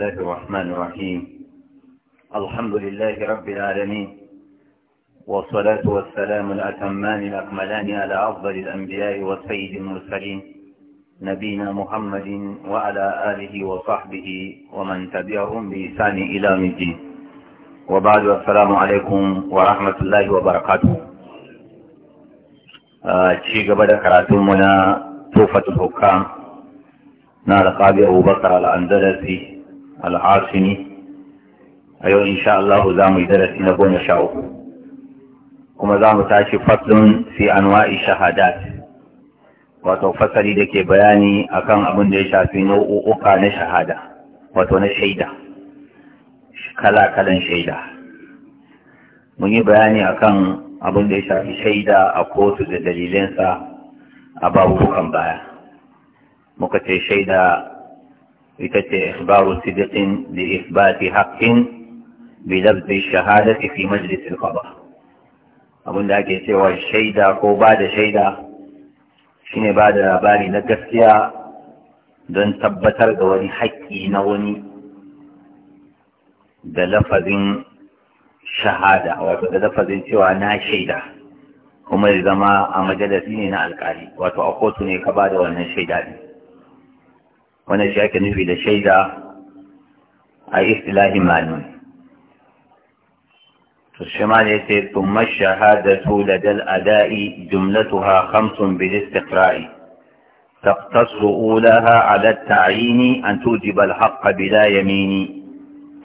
الله الرحمن الرحيم الحمد لله رب العالمين والصلاة والسلام الأتمان الأكملان على أفضل الأنبياء والسيد المرسلين نبينا محمد وعلى آله وصحبه ومن تبعهم بإحسان إلى الدين وبعد السلام عليكم ورحمة الله وبركاته آه، شيء قبل كراتمنا توفة الحكام نال قاضي أبو بكر على الأندلسي al'asini a yau insha Allah za mu yi darasi na goma sha uku kuma za mu tashi faslun fi anwa'i shahadat wato fasali da ke bayani akan abin da ya shafi nau'uka na shahada wato na shaida kala-kalan shaida mun yi bayani akan abin da ya shafi shaida a kotu da dalilinsa a babubukan baya muka ce shaida ita ce ikhbaru sidiqin li ithbati haqqin bi labdi shahadati fi majlis al-qada da ake cewa shaida ko ba da shaida shine ba da labari na gaskiya don tabbatar da wani haƙƙi na wani da lafazin shahada wato da lafazin cewa na shaida kuma zama a majalisi ne na alƙali wato a kotu ne ka ba da wannan shaida ne وانا shi ake nufi da shaida a istilahin malami to shi ma ne sai tumma shahadatu ladal تقتصر أولاها على التعيين أن توجب الحق بلا يمين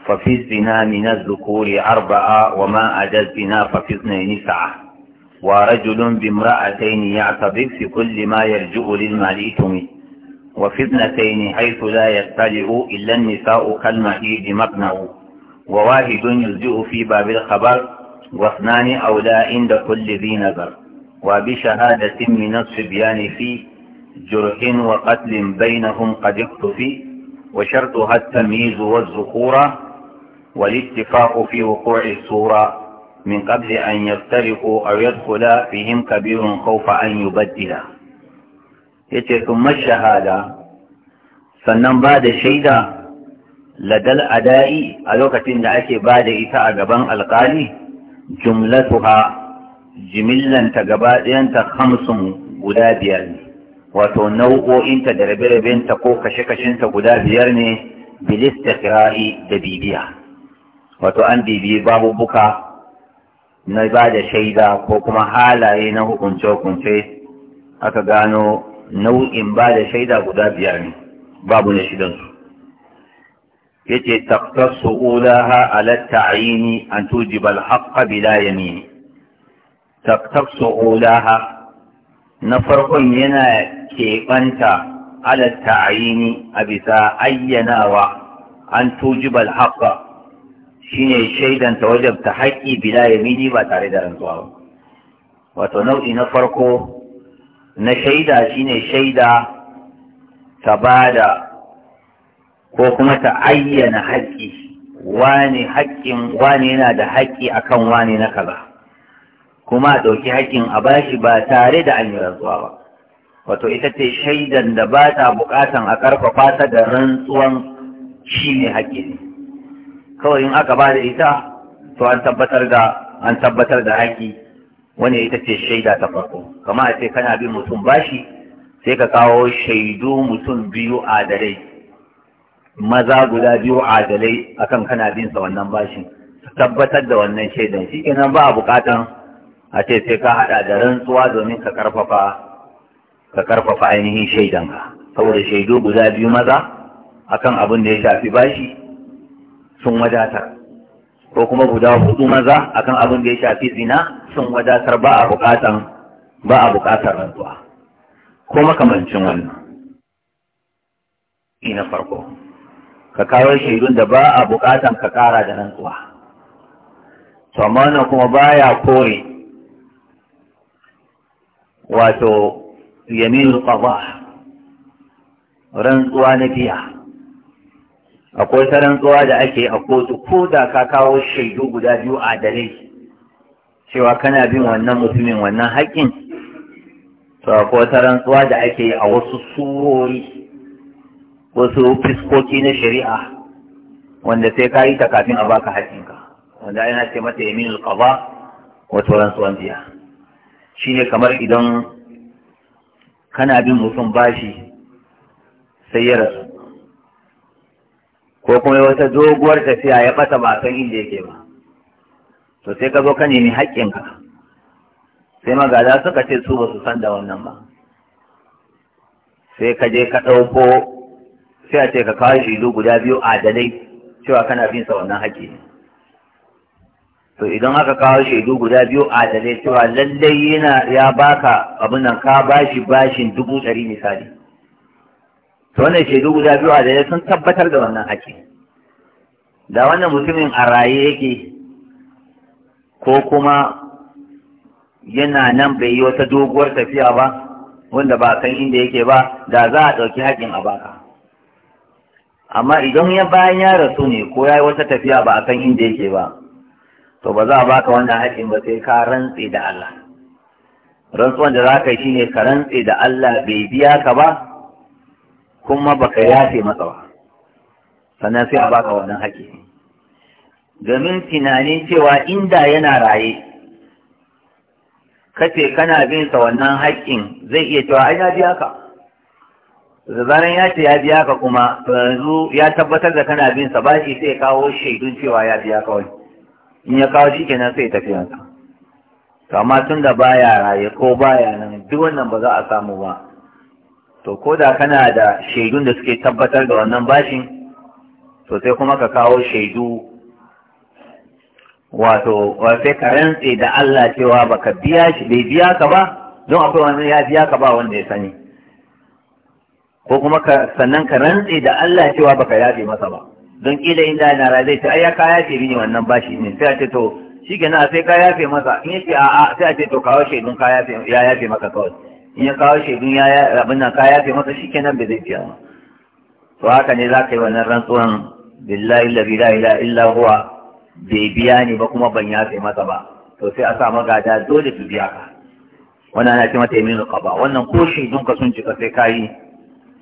ففي الزنا من الذكور أربعة وما أدى الزنا ففي اثنين سعة ورجل بامرأتين يعتبر في كل ما يرجع للمال تمي وفي ابنتين حيث لا يتجئ إلا النساء كالمهيد مقنع وواحد يلجئ في باب الخبر واثنان أولى عند كل ذي نظر وبشهادة من الصبيان في جرح وقتل بينهم قد اختفي وشرطها التمييز والذكورة والاتفاق في وقوع الصورة من قبل أن يفترقوا أو يدخل فيهم كبير خوف أن يبدلا yace kuma shahada sannan ba da shaida ladal ada'i a lokacin da ake ba da ita a gaban alkali jumlatuha jimillanta gaba ɗayanta hamsin guda biyar ne wato nau'o'inta da rabe-rabenta ko kashe-kashenta guda biyar ne bilis da kira'i da bibiya wato an bibiyi babubuka na ba da shaida ko kuma halaye na hukunce-hukunce aka gano nau'in ba da shaida guda biyar ne babu na shidansu ya ce taktasu ulaha ala ta'ayini an bal alhaqqa bila yamini taktasu ulaha na farkon yana keɓanta ala ta'ayini a bisa ayyanawa an tujiba alhaqqa shine shaidanta wajabta haƙƙi bila yamini ba tare da rantsuwa ba wato nau'i na farko na shaida shine shaida ta bada ko kuma ta ayyana haƙƙi wani haƙƙin wani yana da haƙƙi akan wani na kaza kuma a ɗauki haƙƙin a bashi ba tare da an yi rantsuwa ba wato ita ce shaidan da ba ta buƙatan a ƙarfafa ta da rantsuwan shi ne haƙƙi ne kawai in aka ba da ita to an tabbatar da an tabbatar da haƙƙi wani ita ce shaida ta farko kama a ce kana bin mutum bashi sai ka kawo shaidu mutum biyu adalai maza guda biyu adalai akan kana bin sa wannan bashin tabbatar da wannan shaidan shi kenan ba a bukatan a ce sai ka hada da rantsuwa domin ka karfafa ka karfafa ainihin shaidanka saboda shaidu guda biyu maza akan abin da ya shafi bashi sun wadatar ko kuma guda hudu maza akan abin da ya shafi zina sun wadatar ba a bukatan ba a bukatar rantsuwa ko makamancin wannan shi na farko ka kawo shaidun da ba a bukatan ka kara da rantsuwa to amma wannan kuma baya kore wato yamin qada rantsuwa na biya akwai sarantsuwa da ake a kotu ko da ka kawo shaidu guda biyu a adalai cewa kana bin wannan mutumin wannan haƙƙin to akwai sarantsuwa da ake a wasu surori wasu fiskoki na shari'a wanda sai ka yi ta kafin a baka haƙƙinka wanda ana ce mata yamin qada wato rantsuwan biya shine kamar idan kana bin mutum bashi sai ya rasu ko kuma wata doguwar tafiya ya ɓata ba san inda yake ba to sai ka zo ka nemi haƙƙinka sai magada suka ce su ba su san da wannan ba sai ka je ka ɗauko sai a ce ka kawo shidu guda biyu adalai cewa kana bin sa wannan haƙƙi to idan aka kawo shaidu guda biyu adalai cewa lallai yana ya baka abin nan ka bashi bashin dubu ɗari misali to wannan shaidu guda biyu a daya sun tabbatar da wannan haƙƙi da wannan mutumin a raye yake ko kuma yana nan bai yi wata doguwar tafiya ba wanda ba kan inda yake ba da za a ɗauki haƙƙin a baka amma idan ya bayan ya rasu ne ko ya yi wata tafiya ba a kan inda yake ba to ba za a baka wannan haƙƙin ba sai ka rantse da Allah rantsuwan da za ka yi shine ka rantse da Allah bai biya ka ba kuma baka yafe masa ba sannan sai a baka wannan haƙƙi domin tunanin cewa inda yana raye kace kana bin sa wannan haƙƙin zai iya cewa ai na biya ka da zaran ya ce ya biya ka kuma yanzu ya tabbatar da kana bin sa shi sai kawo shaidun cewa ya biya ka wani in ya kawo shi kenan sai tafi yansa to amma tun da baya raye ko baya nan duk wannan ba za a samu ba to ko da kana da shaidun da suke tabbatar da wannan bashin to sai kuma ka kawo shaidu wato sai ka rantse da Allah cewa baka biya shi bai biya ka ba don akwai wani ya biya ka ba wanda ya sani ko kuma ka sannan ka rantse da Allah cewa baka yafe masa ba don kila inda yana ra zai ce ai ya ka yafe ni wannan bashi ne sai a ce to shi gina sai ka yafe masa in yace a'a sai a ce to kawo shaidun ka yafe ya yafe maka kawai in ya kawo shaidun ya abin nan kaya fi masa shi kenan bai zai biya ba to haka ne za ka yi wannan rantsuwan billahi la ilaha illa huwa bai biya ne ba kuma ban yafe masa ba to sai a sa magada dole su biya ka wannan ana ce mata yamin qaba wannan ko shaidun ka sun cika sai kai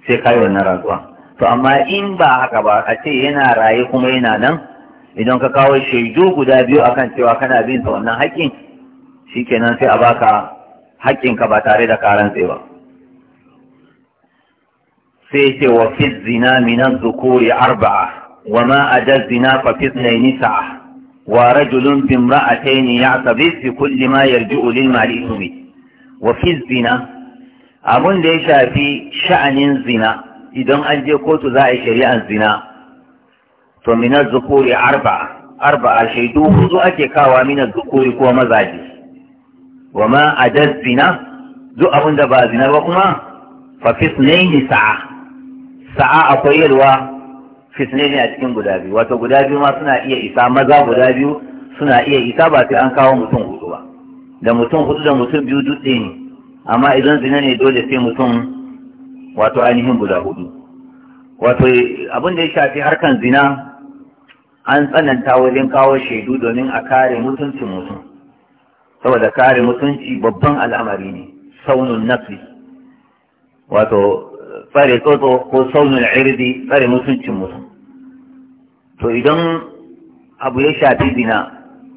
sai kai wannan rantsuwa to amma in ba haka ba a ce yana raye kuma yana nan idan ka kawo shaidu guda biyu akan cewa kana bin ta wannan haƙƙin shikenan sai a baka haƙƙinka ba tare da karan ba sai ce wa fi zina minan zukuri arba'a wa ma a zina fa fi tsinaini sa'a wa rajulun bi ya ya'tabi fi kulli ma yarji'u lil ma'lumi wa fi zina abun da ya shafi sha'anin zina idan an je kotu za a yi shari'an zina to minan zukuri arba'a arba'a shaidu hudu ake kawa minan zukuri ko mazaje wa ma adad zina duk abin da ba zina ba kuma fa fisnaini sa'a sa'a akwai yalwa fisnaini a cikin guda biyu wato guda biyu ma suna iya isa maza guda biyu suna iya isa ba sai an kawo mutum hudu ba da mutum hudu da mutum biyu ɗaya ne amma idan zina ne dole sai mutum wato ainihin guda hudu wato abin da ya shafi harkan zina an tsananta wajen kawo shaidu domin a kare mutuncin mutum saboda kare mutunci babban al'amari ne saunun nafi wato tsare tsotso ko saunun irdi tsare mutuncin mutum to idan abu ya shafi zina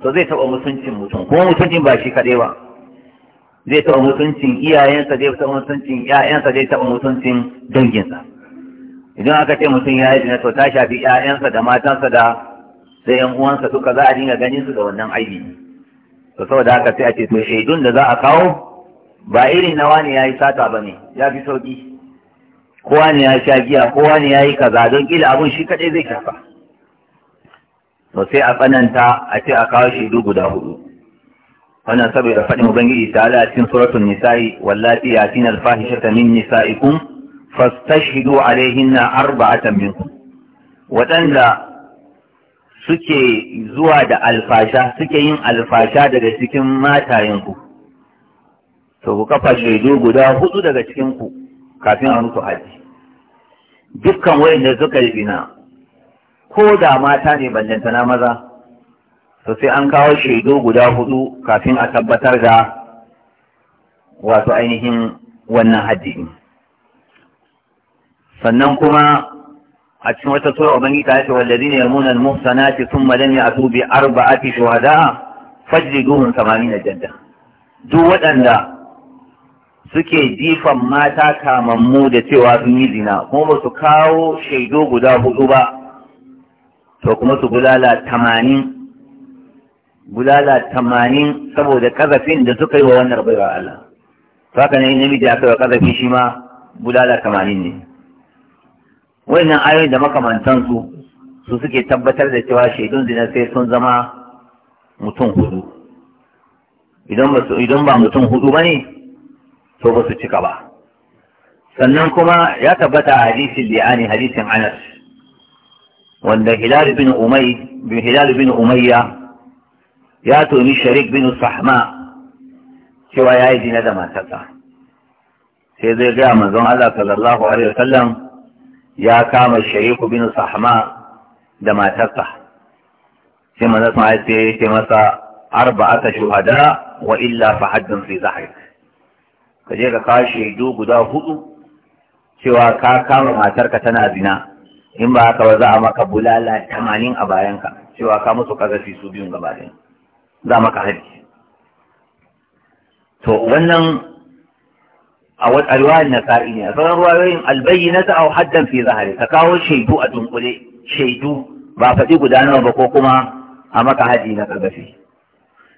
to zai taɓa mutuncin mutum kuma mutuncin ba shi kaɗai ba zai taɓa mutuncin iyayensa zai taɓa mutuncin ƴaƴansa zai taɓa mutuncin danginsa idan aka ce mutum ya yi zina to ta shafi ƴaƴansa da matansa da da ƴan uwansa duka za a dinga ganin su da wannan aibi to saboda haka sai a ce to shaidun da za a kawo ba irin na wani ya yi sata ba ne ya fi sauƙi kowa ne ya sha giya kowa ne ya yi kaza don kila abun shi kaɗai zai shafa to sai a tsananta a ce a kawo shaidu guda hudu wannan saboda faɗin ubangiji ta ala cikin suratul nisa'i wallati yatina alfahishata min nisa'ikum fastashhidu alaihinna arba'atan minkum waɗanda suke zuwa da alfasha suke yin alfasha daga cikin matayenku to ku kafa shaidu guda hudu daga cikinku kafin a mutu haji dukkan wayanda suka yi zina ko da mata ne na maza to sai an kawo shaidu guda hudu kafin a tabbatar da wato ainihin wannan haddi sannan kuma a cikin wata sura ubangi ta ce walladina yamuna almuhsanati thumma lam ya'tu bi arba'ati shuhada fajliduhum na jadda duk waɗanda suke jifan mata kamammu da cewa sun yi zina kuma ba su kawo shaidu guda hudu ba to kuma su bulala tamanin bulala tamanin saboda kazafin da suka yi wa wannan baiwa Allah to haka ne namiji aka yi kazafi shi ma bulala tamanin ne wannan ayoyin da makamantan su su suke tabbatar da cewa shaidun zina sai sun zama mutum hudu idan ba idan ba mutum hudu bane to ba su cika ba sannan kuma ya tabbata a hadisin li'ani hadisin Anas wanda Hilal bin Umay bin Hilal bin Umayya ya toni Sharik bin Sahma cewa ya yi zina da matarsa sai zai gaya manzon Allah sallallahu alaihi wasallam ya kama shariku bin sahma da matarsa sai manzo sama ya ce masa arba'ata shuhada wa illa fa haddun fi ka je ka kawo shaidu guda hudu cewa ka kama matarka tana zina in ba haka ba za a maka bulala tamanin a bayanka cewa ka musu kazafi su biyun gaba ɗaya za maka hari to wannan a wata riwayar ne a sauran ruwayoyin albayyinata aw haddan fi zahari ka kawo shaidu a dunkule shaidu ba faɗi guda nawa ba ko kuma a maka haji na karbafi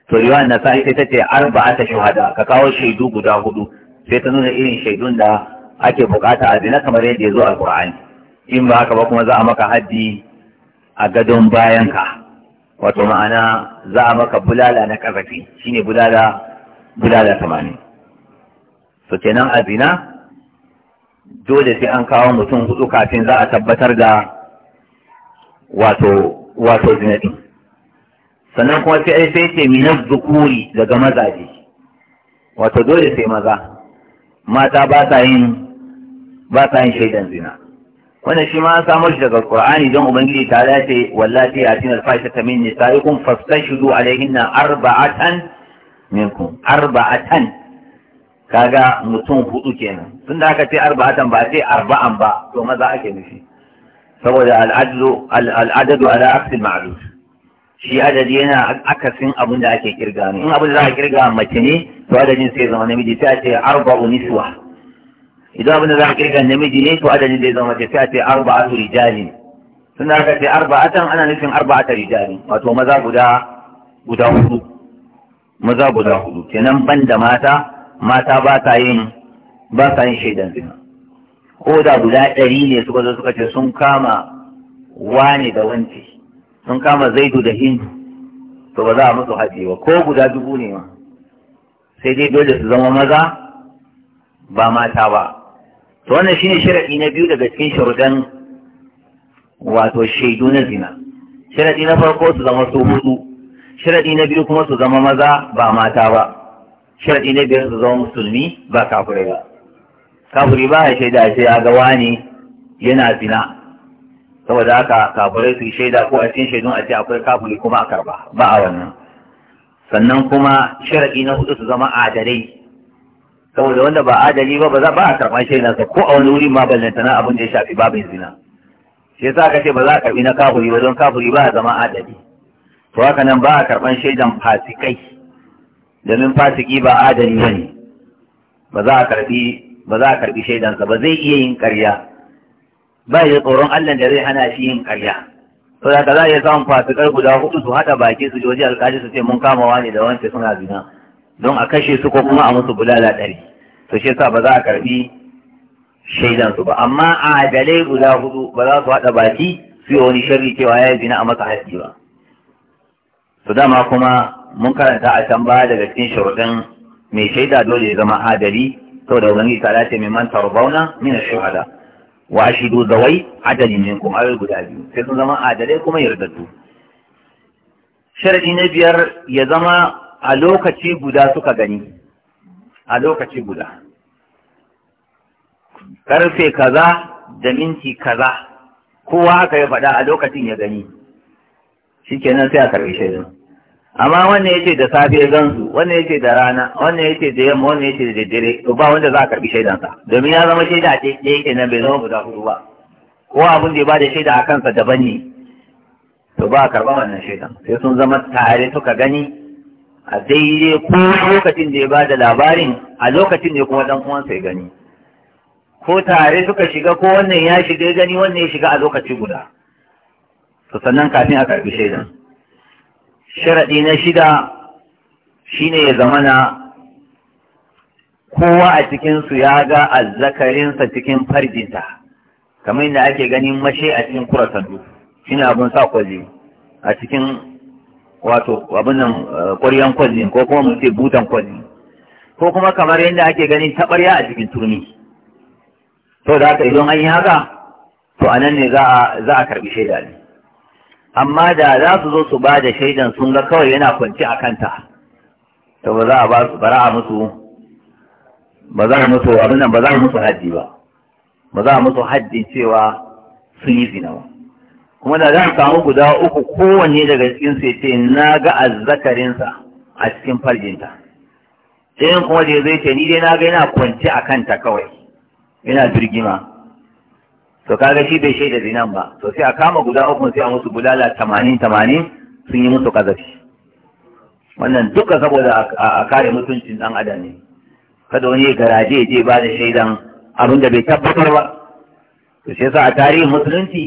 to riwayar na sai ta ce ta shuhada ka kawo shaidu guda hudu sai ta nuna irin shaidun da ake bukata a zina kamar yadda ya zo a qur'ani in ba haka ba kuma za a maka haji a gadon bayan ka, wato ma'ana za a maka bulala na karfafi shine bulala bulala tamanin to kenan a zina dole sai an kawo mutum hudu kafin za a tabbatar da wato wato sannan kuma sai sai ce minar zukuri daga mazaje wato dole sai maza mata ba sa yin ba sa yin shaidan zina wannan shi ma samar shi daga qur'ani don ubangiji ta wallahi wallati atina alfahisha ta min nisaikum fastashidu alaihinna arba'atan minkum arba'atan kaga mutum hudu kenan tunda aka ce arba'atan ba ce arba'an ba to maza ake nufi saboda al'adadu al'adadu ala aksi ma'luf shi adadi yana akasin abin da ake kirga ne in abin da za a kirga mace ne to adadin sai zama namiji sai a ce arba'u niswa idan abin da za a kirga namiji ne to adadin zai zama mace sai a ce arba'atu rijali tunda aka ce arba'atan ana nufin arba'ata rijali wato maza guda guda hudu maza guda hudu kenan ban da mata mata ba ta yin ba ta yin shaidan zina ko da guda ɗari ne suka zo suka ce sun kama wane da wanci sun kama zaidu da hindu to ba za a musu haɗi ba ko guda dubu ne ma sai dai dole su zama maza ba mata ba to wannan shine sharadi na biyu daga cikin sharudan wato shaidu na zina sharadi na farko su zama su hudu sharadi na biyu kuma su zama maza ba mata ba sharɗi na biyar su zama musulmi ba kafirai ba Kafure ba ya shaida sai ya ga wani yana zina saboda haka kafirai su shaida ko a cikin shaidun a ce akwai kafiri kuma a karba ba a wannan sannan kuma sharaɗi na hudu su zama adalai saboda wanda ba adali ba ba za ba a karɓar sa, ko a wani wuri ma ballanta na abin da ya shafi babin zina shi yasa ka ce ba za a karɓi na kafiri ba don kafiri ba a zama adali to haka nan ba a karɓar shaidan fasikai domin fasiki ba adani ba ne ba za a karbi shaidansa ba zai iya yin karya ba ya tsoron Allah da zai hana shi yin karya to da za a iya samun fasikar guda hudu su haɗa baki su joji alkali su ce mun kama wani da wance suna zina don a kashe su ko kuma a musu bulala ɗari to shi yasa ba za a karbi shaidansu ba amma a adalai guda hudu ba za su haɗa baki su yi wani sharri cewa ya yi zina a masa haƙƙi ba to dama kuma mun karanta a can baya daga cikin shuruɗin mai shaida dole ya zama adali da wani tara ce mai manta rubauna min shuhada wa ashidu zawai adalin kuma ayoyi guda biyu sai sun zama adalai kuma yardattu sharadi na biyar ya zama a lokaci guda suka gani a lokaci guda karfe kaza da minti kaza kowa aka yi faɗa a lokacin ya gani shikenan sai a karfe shaidan amma wannan yace da safe su wannan yace da rana wannan yace da yamma wannan yace da daddare to ba wanda za a karbi shaidan sa domin ya zama shaida ce da yake nan bai zama guda hudu ba ko abin da ya bada shaida a kansa daban ne to ba a karba wannan shaidan sai sun zama tare suka gani a daidai ko lokacin da ya bada labarin a lokacin ne kuma dan uwansa ya gani ko tare suka shiga ko wannan ya shiga ya gani wannan ya shiga a lokaci guda to sannan kafin a karbi shaidan sharaɗi na shida shine ya zamana kowa a cikinsu ya ga azzakarinsa cikin farjinta, kamar yadda ake ganin mashe a cikin kura sandu shine abin sa kwaje a cikin wato abin nan eh, ƙwaryan kwaje ko kuma mu ce butan kwaje ko kuma kamar yadda ake ganin taɓarya a cikin turmi to da haka idan an yi haka to a nan ne za a karɓi shaida ne amma da za su zo su ba da shaidan sun ga kawai yana kwanci a kanta to ba za a ba su bara a musu ba za a musu abin nan ba za a musu haddi ba ba za a musu haddi cewa sun yi zina ba kuma da za a samu guda uku kowanne daga cikin su ce na ga azzakarinsa a cikin farjinta sai kuma da zai ce ni dai na ga yana kwanci a kanta kawai yana birgima to kaga shi bai shaida zinan ba to sai a kama guda uku sai a musu bulala tamanin tamanin sun yi musu kazafi wannan duka saboda a kare mutuncin dan adam ne kada wani garaje je ba da shaidan abin da bai tabbatar ba to sai sa a tarihin musulunci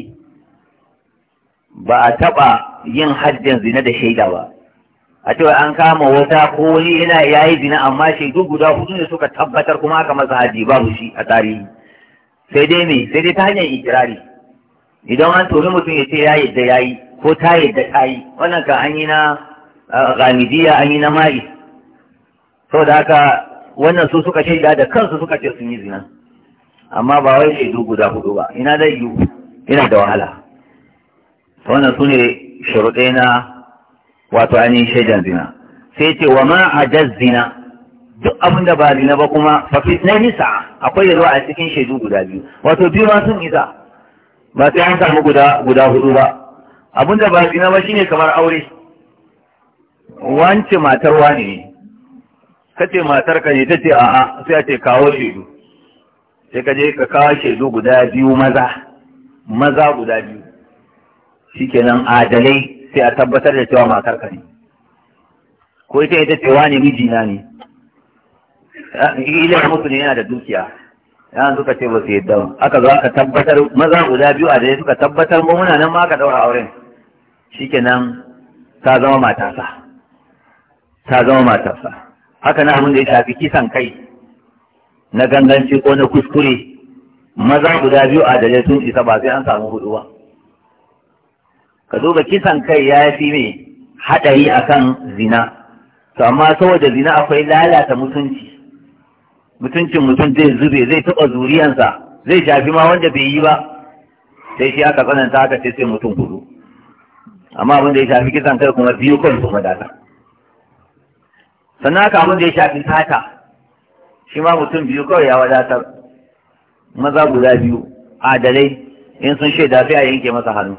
ba a taba yin hajjin zina da shaida ba a cewa an kama wata ko wani yana yayi zina amma shaidu guda hudu ne suka tabbatar kuma aka masa haji babu shi a tarihi sai dai me sai dai ta hanyar ikirari idan an tomi mutum ya ce ya yadda ya yi ko ta yadda ta yi wannan ka an yi na gamidiya an yi na mari saboda haka wannan su suka ce da kansu suka ce sun yi zina amma ba wai shaidu guda hudu ba ina zai yiwu ina da wahala wannan su ne sharuɗe na wato ainihin shaidan zina sai ce wa ma ajaz zina duk abin da ba zina ba kuma fafi na nisa akwai yalwa a cikin shaidu guda biyu wato biyu ma sun isa ba sai an samu guda guda hudu ba abin da ba zina ba shine kamar aure wance matar ne. ne ce matar ka ne ce a'a sai a ce kawo shaidu sai ka je ka kawo shaidu guda biyu maza maza guda biyu shikenan adalai sai a tabbatar da cewa matar ka ne ko ita ita ce ne mijina ne ila ya mutu ne yana da dukiya an suka ce ba su yadda ba aka zo aka tabbatar maza guda biyu a dai suka tabbatar mu muna nan ma aka daura auren shikenan ta zama matasa ta zama matasa haka na abin da ya shafi kisan kai na ganganci ko na kuskure maza guda biyu a dare sun isa ba sai an samu hudu ba ka duba kisan kai ya fi mai haɗari akan zina to amma saboda zina akwai lalata mutunci mutuncin mutum zai zube zai taɓa zuriyansa zai shafi ma wanda bai yi ba sai shi aka tsananta aka ce sai mutum hudu amma abin da ya shafi kisan kai kuma biyu kan su madata sannan haka abin da ya shafi sata shi ma mutum biyu kawai ya wadatar maza guda biyu adalai in sun shaida sai a yanke masa hannu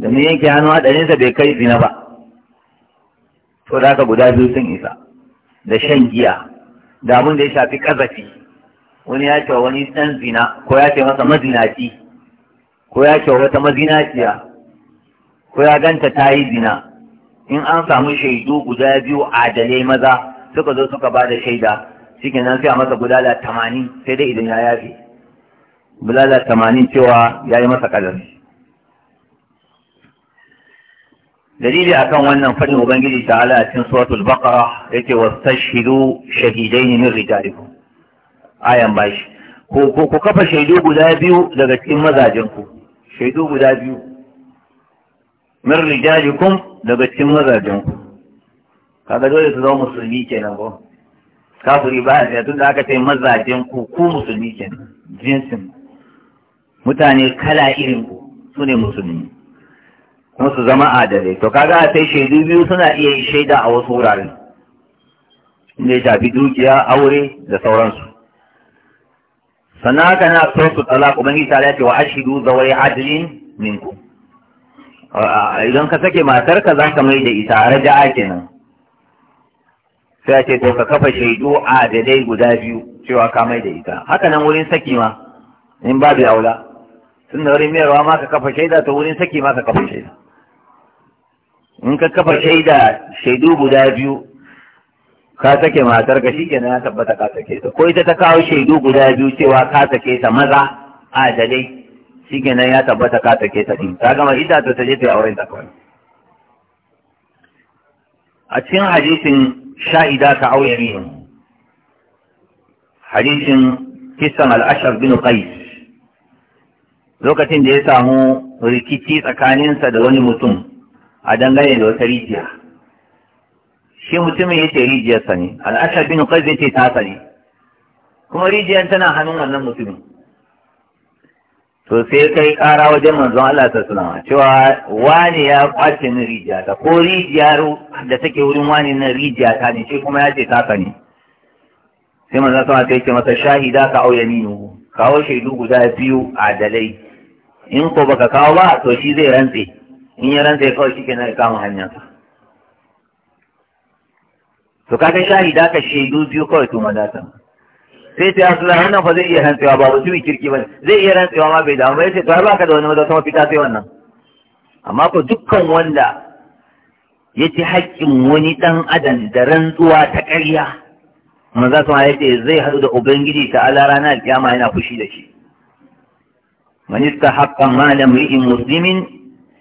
domin yanke hannu hadarinsa bai kai zina ba to da aka guda biyu sun isa da shan giya da abin da ya shafi kazafi wani ya ce wani ɗan zina ko ya ce masa mazinaci ko ya ce wata mazinaciya ko ya ganta ta yi zina in an samu shaidu guda biyu adalai maza suka zo suka ba da shaida shi nan sai a masa da tamanin sai dai idan ya yafe bulala tamanin cewa ya yi masa kazafi dalili akan wannan fadin ubangiji ta a cikin suratul baqara yake wastashhidu shahidain min rijalikum ayan bashi ko ko ku kafa shaidu guda biyu daga cikin mazajen ku shaidu guda biyu min rijalikum daga cikin mazajen ku kaga dole su zama musulmi kenan ko kafiri ba ya tunda aka ce mazajen ku ku musulmi kenan jinsin mutane kala irin ku sune musulmi kuma su zama adalai to kaga sai shaidu biyu suna iya yin shaida a wasu wuraren inda ya shafi dukiya aure da sauransu sannan haka na so su kuma ni ta ce wa ashidu zawai adalin minku idan ka sake matarka za ka mai da ita raja'a kenan sai a ce to ka kafa shaidu adalai guda biyu cewa ka mai da ita haka nan wurin saki ma in babu aula tun da wurin mayarwa ma ka kafa shaida to wurin saki ma ka kafa shaida in ka kafa shaida shaidu guda biyu ka sake matar ka shikenan ya tabbata ka sake ta ko ita ta kawo shaidu guda biyu cewa ka sake ta maza a dalai shikenan ya tabbata ka sake ta din ta gama ita ta taje ta auren ta a cikin hadisin sha'ida ka auya biyu hadisin kisan al'ashar bin qais lokacin da ya samu rikici tsakaninsa da wani mutum a dangane da wata rijiya shi mutumin ya ce rijiyarsa ne al'ashar bin qais ce ta ne kuma rijiyar tana hannun wannan mutumin to sai kai kara wajen manzon Allah ta suna cewa wani ya kwace ni rijiya ta ko rijiyar da take wurin wani na rijiya ta ne shi kuma ya ce ta ne sai manzon sama ta ce masa shahida ka auya yaminu kawo shaidu guda biyu a adalai in ko baka kawo ba to shi zai rantse in ya rantsa kawai shi kenan kama hanyar to kaga shahida ka shaidu biyu kawai to madata sai ta yasu wannan fa zai iya rantsewa ba mutumin kirki ba zai iya rantsewa ma bai damu ba ce to ai baka da wani wata mafita sai wannan amma ko dukkan wanda ya ci haƙƙin wani ɗan adam da rantsuwa ta ƙarya manzo sama ya ce zai haɗu da ubangiji ta ala rana alƙiyama yana fushi da shi man istahabba malam ri'in muslimin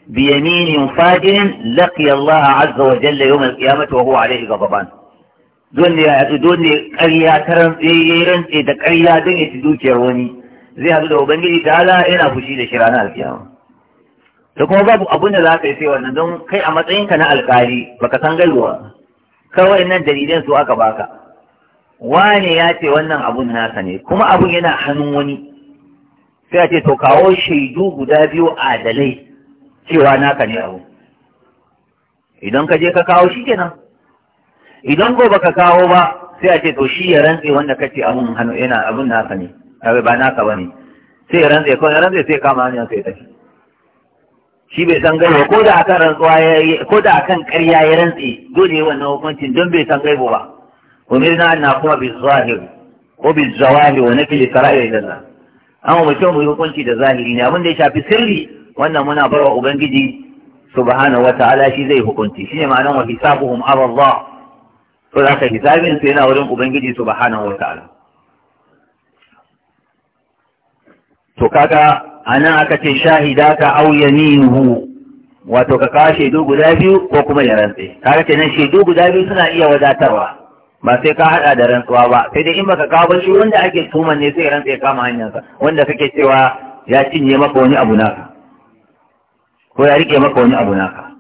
بيمين فاجر لقي الله عز وجل يوم القيامة وهو عليه غضبان دون دون قريا ترن يرن da ƙarya don ya ci dukiyar wani zai hadu da ubangiji ta ala yana fushi da shi ranar alkiyama da kuma babu abin za ka yi sai wannan don kai a matsayinka na alkali baka san gaiwa kawai nan dalilan su aka baka wane ya ce wannan abun nasa ne kuma abun yana hannun wani sai a ce to kawo shaidu guda biyu adalai cewa naka ne abu idan ka je ka kawo shi kenan idan ko baka kawo ba sai a ce to shi ya rantse wanda ka ce abun hannu yana abun naka ne ba naka ba ne. sai ya rantse ko ya rantse sai kama hanyar sai tafi shi bai san gaibo ko da akan rantsuwa ya ko da akan ƙarya ya rantse dole wannan hukuncin don bai san gaibo ba umirna anna kuma bi zahir ko bi zawahir wa nafi li da Allah an mutum mu hukunci da zahiri ne abin da ya shafi sirri wannan muna barwa ubangiji subhanahu ta'ala shi zai hukunci Shi ne ma'anar wa hisabuhum ala Allah to da ka hisabin su yana wurin ubangiji subhanahu ta'ala to kaga anan aka ce shahidaka aw yaminuhu wato ka kawo shaidu guda biyu ko kuma ya rantse kaga nan shaidu guda biyu suna iya wadatarwa ba sai ka hada da rantsuwa ba sai dai in baka kawo ba shi wanda ake tuman ne sai rantse kama hanyarsa wanda kake cewa ya cinye maka wani abu naka ko ya rike maka wani abu naka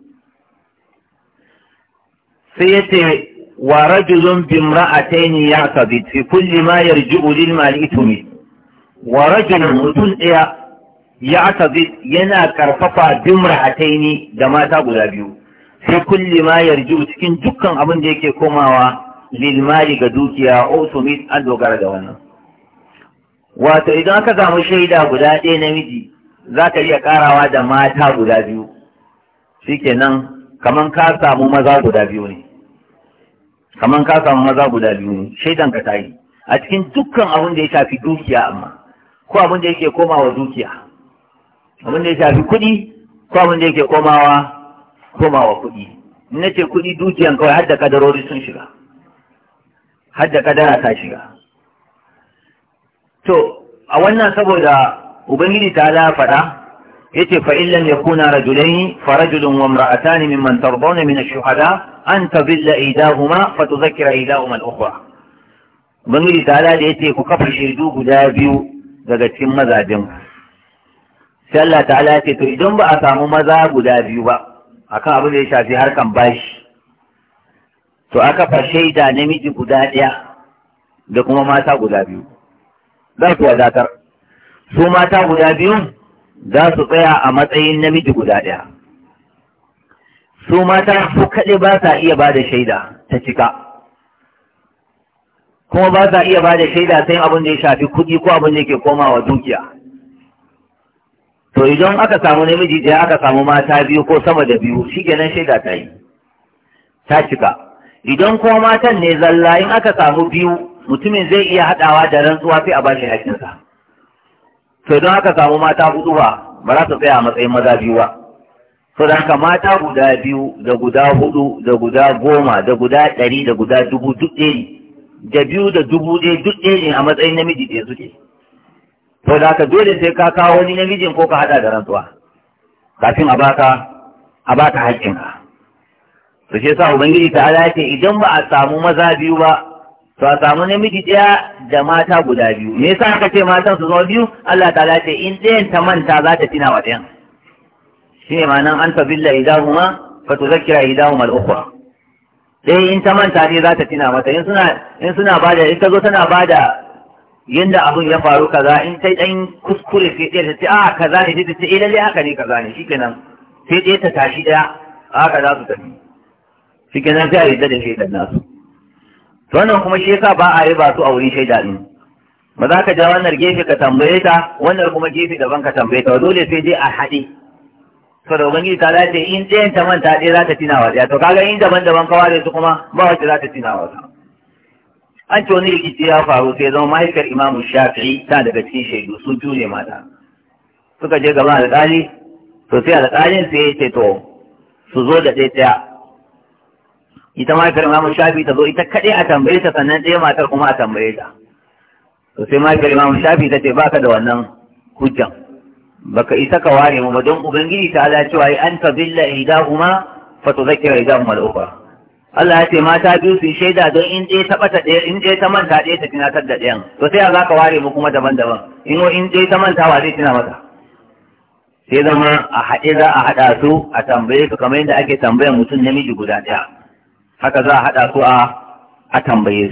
sai ya ce wa rajulun imra'atayn ya'tabid fi kulli ma yarji'u lil mali tumi wa rajulun mutum daya ya'tabid yana karfafa bimra'ataini da mata guda biyu fi kulli ma yarji'u cikin dukkan abin da yake komawa lil mali ga dukiya o tumi an dogara da wannan wato idan aka samu shaida guda ɗaya namiji za ka iya karawa da mata guda biyu shikenan kaman ka samu maza guda biyu ne kaman ka samu maza guda biyu ne shaidan ka tayi a cikin dukkan abin da ya shafi dukiya amma ko abin da yake komawa dukiya abin da ya shafi kuɗi ko abin da yake komawa komawa kuɗi in nace kuɗi dukiyan kawai har da kadarori sun shiga har da kadara ta shiga to a wannan saboda ubangiji ta ala faɗa yace fa illam yakuna rajulaini fa rajulun wa min mimman tardawna min shuhada an tadilla idahuma fa tudhakkira idahuma al-ukhra ubangiji ta ala da yace ku kafa shaidu guda biyu daga cikin mazajen sai Allah ta'ala ya ce to idan ba a samu maza guda biyu ba akan abin da ya shafi harkan bashi to aka fa shaida namiji guda ɗaya da kuma mata guda biyu za ku wadatar su mata guda biyun za su tsaya a matsayin namiji guda ɗaya su mata su kaɗai ba sa iya ba da shaida ta cika kuma ba sa iya ba da shaida sai abin da ya shafi kuɗi ko abin da ke komawa dukiya to idan aka samu namiji ɗaya aka samu mata biyu ko sama da biyu shi kenan shaida ta yi ta cika idan kuma matan ne zalla in aka samu biyu mutumin zai iya haɗawa da rantsuwa sai a ba shi haƙƙinsa to don haka samu mata hudu ba ba za su tsaya a matsayin maza biyu ba to da haka mata guda biyu da guda hudu da guda goma da guda ɗari da guda dubu duk ɗari da biyu da dubu ɗaya duk ɗari a matsayin namiji ɗaya suke to da haka dole sai ka kawo wani namijin ko ka haɗa da rantsuwa kafin a baka a baka haƙƙinka to shi yasa ubangiji ta ala ce idan ba a samu maza biyu ba to a samu namiji ɗaya da mata guda biyu me yasa aka ce matan su zo biyu Allah ta'ala ce in ɗayan ta manta za ta tina wa ɗayan shi ne ma'anan an tabilla idahuma fa tuzakkira idahuma al-ukhra dai in ta manta ne za ta tina mata in suna in suna bada in ta zo tana bada yanda abun ya faru kaza in ta dan kuskure sai ɗaya ta ce a ah, kaza ne ta ce eh lalle haka ne kaza ne shikenan sai ɗaya ta tashi ɗaya haka za su tafi shikenan sai a yarda da shaidan nasu to wannan kuma shi yasa ba a riba su a wurin shaida din ba za ka ja wannan gefe ka tambaye ta wannan kuma gefe daban ka tambaye ta dole sai dai a haɗe to da ubangiji ta dace in ɗayan ta manta ɗaya za ta tina wa to kaga in daban-daban ka ware su kuma ba wacce za ta tina wa an ce wani rikici ya faru sai zama mahaifiyar imamu shafi'i ta daga cikin shaidu su biyu ne mata suka je gaban alƙali to sai alƙalin sai ya ce to su zo da ɗaya ita ma kar imamu shafi ta zo ita kaɗai a tambaye ta sannan ɗaya matar kuma a tambaye ta to sai ma kar imamu shafi ta ce baka da wannan hujjan baka isa ka ware mu ba don ubangiji ta ala cewa an tabilla idahuma fa tuzakkira idahuma al-ukhra Allah ya ce mata biyu su shaida don in ɗaya ta ɓata ɗaya in ɗaya ta manta ɗaya ta tunatar da ɗayan to sai a za ka ware mu kuma daban-daban in in ɗaya ta manta wa zai tuna mata sai zama a haɗe za a haɗa su a tambaye su kamar yadda ake tambayar mutum namiji guda ɗaya haka za a haɗa su a tambaye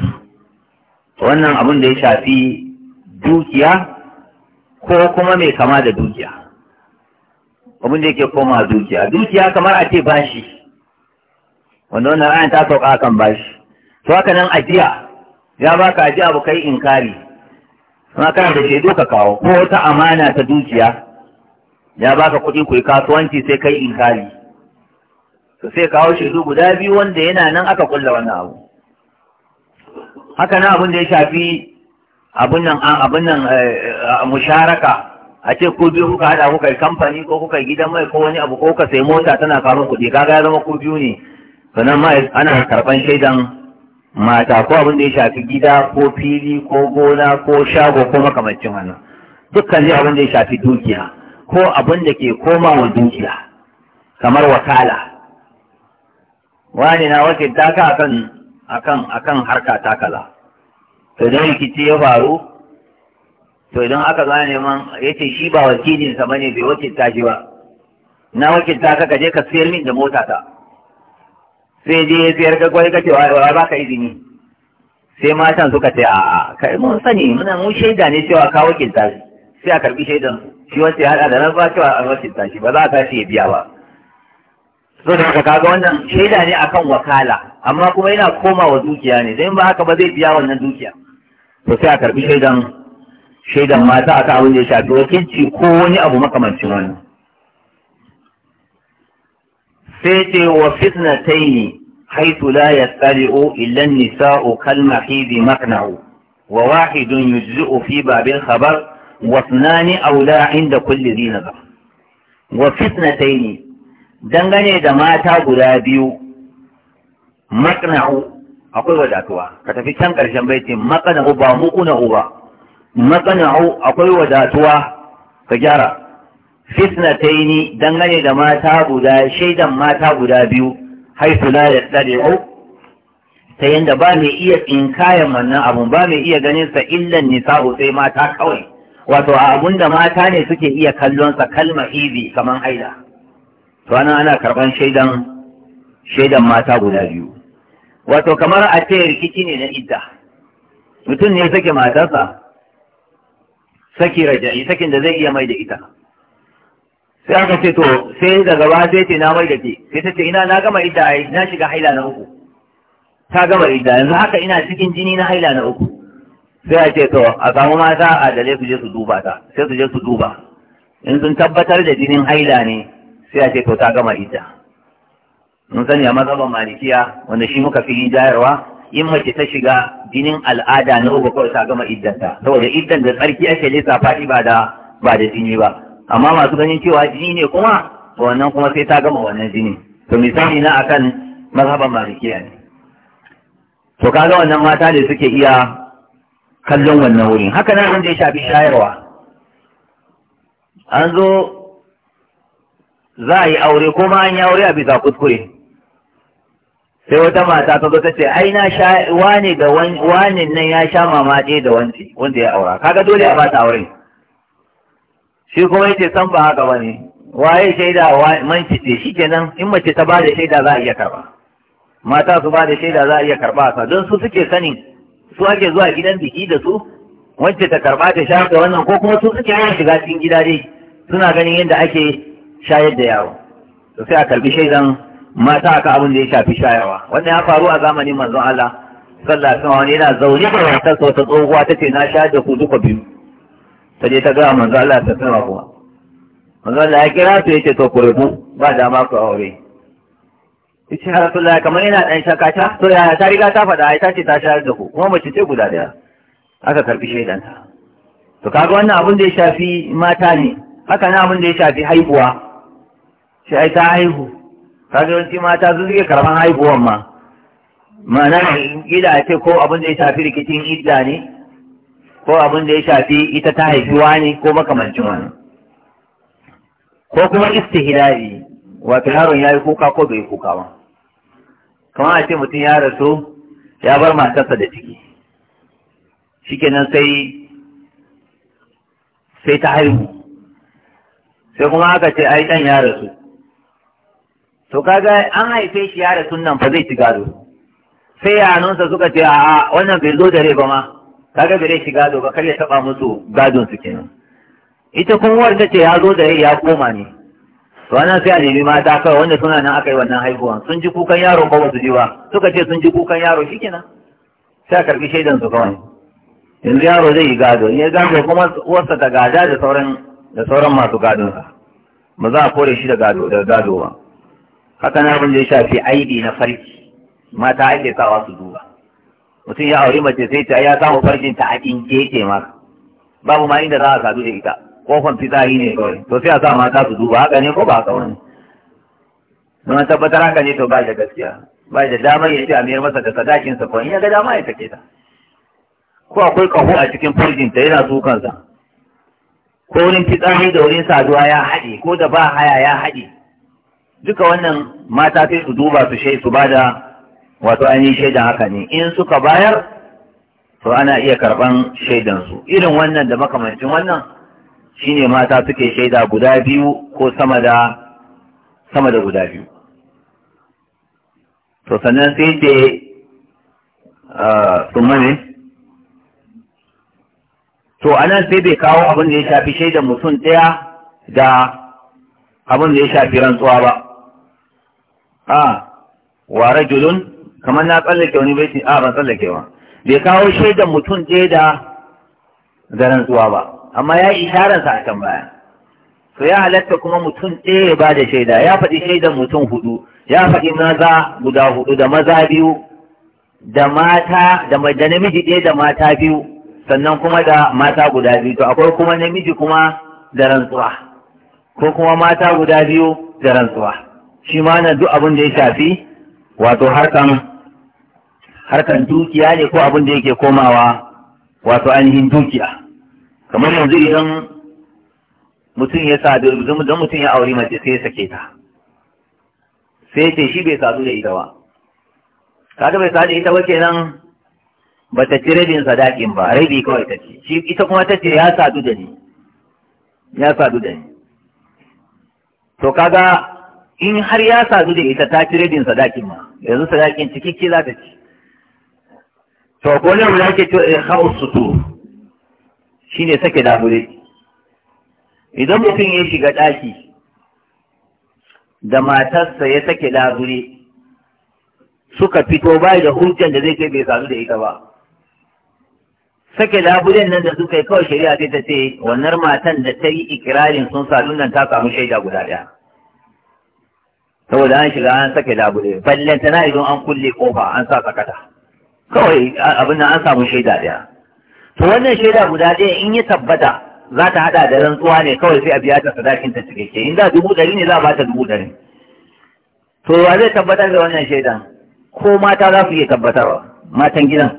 su wannan abin da ya shafi dukiya ko kuma mai kama da dukiya abin da yake koma dukiya dukiya kamar a ce bashi wanda wannan ra'ayin ta sauka kan bashi to haka nan ajiya ya baka ajiya abu kai inkari kuma kana da shaidu ka kawo ko ta amana ta dukiya ya baka kuɗi ku yi kasuwanci sai kai inkari to sai kawo shaidu guda biyu wanda yana nan aka kulla wani abu haka nan abin da ya shafi abin nan abin nan eh, musharaka a ce ko biyu kuka hada kuka yi kamfani ko kuka yi gidan mai ko wani abu ko kuka sai mota tana kawo kuɗi kaga ya zama ko biyu ne sannan ma ana karban shaidan mata ko abin da ya shafi gida ko fili ko gona ko shago ko makamancin wannan dukkan ne abin da ya shafi dukiya ko abin da ke koma wa dukiya kamar wakala wani na wake taka akan akan akan harka ta kaza to don rikici ya faru to idan aka gane neman yace shi ba wakilinsa bane bai wakilta shi ba na wakilta ka kaje ka siyar min da mota ta sai je ya siyar ka kwai kace wa ba ka izini sai matan suka ce a kai mun sani muna mun shaida ne cewa ka wakilta shi sai a karbi shaidan shi wanda ya hada da nan ba cewa an wakilta shi ba za a tashi ya biya ba so da haka kaga wannan shaida ne akan wakala amma kuma yana koma wa dukiya ne dan ba haka ba zai biya wannan dukiya to sai a karbi shaidan shaidan mata akan abin da ya shafi wakilci ko wani abu makamancin wannan sai ce wa fitnataini nisau لا يسترئ إلا النساء كالمحيض مقنع وواحد يجزئ في khabar wa thnani awla 'inda kulli ذي wa وفتنتين dangane da mata guda biyu maqna'u akwai wadatuwa ka tafi can ƙarshen baitin maqna'u ba muqna'u ba maqna'u akwai wadatuwa ka gyara ta ni dangane da mata guda shaidan mata guda biyu haifu la yastadi'u ta yadda ba mai iya tsinkayen wannan abun ba mai iya ganin sa illan nisa sai mata kawai wato a abun da mata ne suke iya kallon sa kalma ibi kamar Aida? to ana karɓar karban shaidan shaidan mata guda biyu wato kamar a ce rikici ne na idda mutum ne sake matarsa saki raja'i sakin da zai iya mai da ita sai aka ce to sai da gaba sai ce na mai da ke sai ta ce ina na gama idda ai na shiga haila na uku ta gama idda yanzu haka ina cikin jini na haila na uku sai a ce to a samu mata a dalilin su je su duba ta sai su je su duba in sun tabbatar da jinin haila ne sai a ce to ta gama ita mun sani a mazhaban malikiya wanda shi muka fi jayarwa in mace ta shiga jinin al'ada na uku kawai ta gama iddanta saboda iddan da tsarki ake lissafa ba da ba da jini ba amma masu ganin cewa jini ne kuma wannan kuma sai ta gama wannan jini to misali na akan mazhaban malikiya ne to kaga wannan mata ne suke iya kallon wannan wurin haka nan an ya shafi shayarwa an zo za a yi aure ko ma an yi aure a bisa kuskure sai wata mata ta zo ta ce ai na sha wane da wani nan ya sha mamaje da wanti wanda ya aura kaga dole a bata aure shi kuma yace san ba haka bane waye shaida man ce shi nan? in mace ta ba da shaida za a iya karba mata su ba da shaida za a iya karba sa don su suke sanin su ake zuwa gidan biki da su wacce ta karba ta shafe wannan ko kuma su suke yana shiga cikin gida dai suna ganin yadda ake shayar da yaro to sai a karbi shaidan mata aka abin da ya shafi shayarwa wannan ya faru a zamanin manzon Allah sallallahu alaihi wasallam yana zaune da wata sauta tsohuwa tace na shayar da ku duka biyu ta je ta ga manzon Allah ta tsara kuma manzon Allah ya kira su yace to ku ba ba ma ku aure yace ya Rasulullah kamar ina dan shaka ta to ya ta riga ta faɗa ai ta ce ta shayar da ku kuma mace ce guda daya aka karbi ta. to kaga wannan abin da ya shafi mata ne haka na abin da ya shafi haihuwa shi ai ta haihu kaga yawanci mata su suke karban haihuwan ma ma'ana ida ce ko abin da ya shafi rikicin idda ne ko abin da ya shafi ita ta haifiwa ne ko makamancin wani ko kuma istihlali wato yaron ya yi kuka ko bai kuka ba kamar a ce mutum ya rasu ya bar matarsa da ciki shikenan sai sai ta haihu sai kuma aka ce ai dan ya rasu to kaga an haife shi ya da sunnan fa zai ci gado sai yanonsa suka ce a wannan bai zo da rai ba ma kaga bai shi gado ba kar ya taba musu gadon su kenan ita kuma uwar ta ce ya zo da rai ya koma ne to wannan sai a ma mata kawai wanda suna nan aka yi wannan haihuwan sun ji kukan yaro ba su ji ba suka ce sun ji kukan yaro kenan sai a karbi shaidan su kawai yanzu yaro zai yi gado in ya gado kuma wasa ta gada da sauran da sauran masu gadonsa ba za a kore shi da gado da gado ba haka na abin da ya shafi aibi na farji mata ake sawa su duba mutum ya auri mace sai ta ya samu farjin ta a ɗinke ke ma babu ma inda za a sadu da ita kofan fitsari ne kawai to sai a sa mata su duba haka ne ko ba haka wani don tabbatar haka ne to ba da gaskiya ba da damar ya ce a mayar masa da sadakinsa ko in ya ga dama ya take ta ko akwai kaho a cikin ta yana su kansa ko wurin fitsari da wurin saduwa ya haɗe ko da ba haya ya haɗe duka wannan mata sai su duba su shai su bada wato ainihin shaidan haka ne in suka bayar to ana iya karban shaidan su irin wannan da makamancin wannan shine mata suke shaida guda biyu ko sama da sama da guda biyu to sannan sai ce sun mane to a sai bai kawo abin da ya shafi shaidan mutum ɗaya da abin da ya shafi rantsuwa ba a ware julun? kamar na tsallake wani baiti a ban tsallake ba bai kawo shaidan mutum ɗaya da da zuwa ba amma ya yi isharansa a can baya to ya halatta kuma mutum ɗaya ya ba da shaida ya faɗi shaidan mutum hudu ya faɗi maza guda hudu da maza biyu da mata da namiji ɗaya da mata biyu sannan kuma da mata guda biyu to akwai kuma namiji kuma da rantsuwa ko kuma mata guda biyu da rantsuwa shi ma na duk abin da ya shafi wato harkan harkan dukiya ne ko abin da yake komawa wato ainihin dukiya kamar yanzu idan mutum ya sadu idan mutum ya auri mace sai ya sake ta sai ce shi bai sadu da ita ba kaga bai sadu da ita ba kenan ba ta ci rabin sadakin ba rabi kawai ta shi ita kuma ta ce ya sadu da ni ya sadu da ni to kaga in har ya sadu da ita ta ci rabin sadakin ma yanzu sadakin cikakke za ta ci to ko ne mu yake to in hau sutur shine sake dabure. idan mutum ya shiga daki da matarsa ya sake dabure, suka fito ba da hujjan da zai kai bai sadu da ita ba sake labulen nan da suka yi kawai shari'a ta ce wannan matan da ta yi ikirarin sun sadu nan ta samu shaida guda ɗaya saboda an shiga an sake labule tana idan an kulle kofa an sa sakata kawai abin nan an samu shaida daya to wannan shaida guda daya in ya tabbata za ta haɗa da rantsuwa ne kawai sai a biya ta sadakin ta cikakke in da dubu ɗari ne za ba ta dubu ɗari to wa zai tabbatar da wannan shaidan ko mata za su iya tabbatarwa matan gidan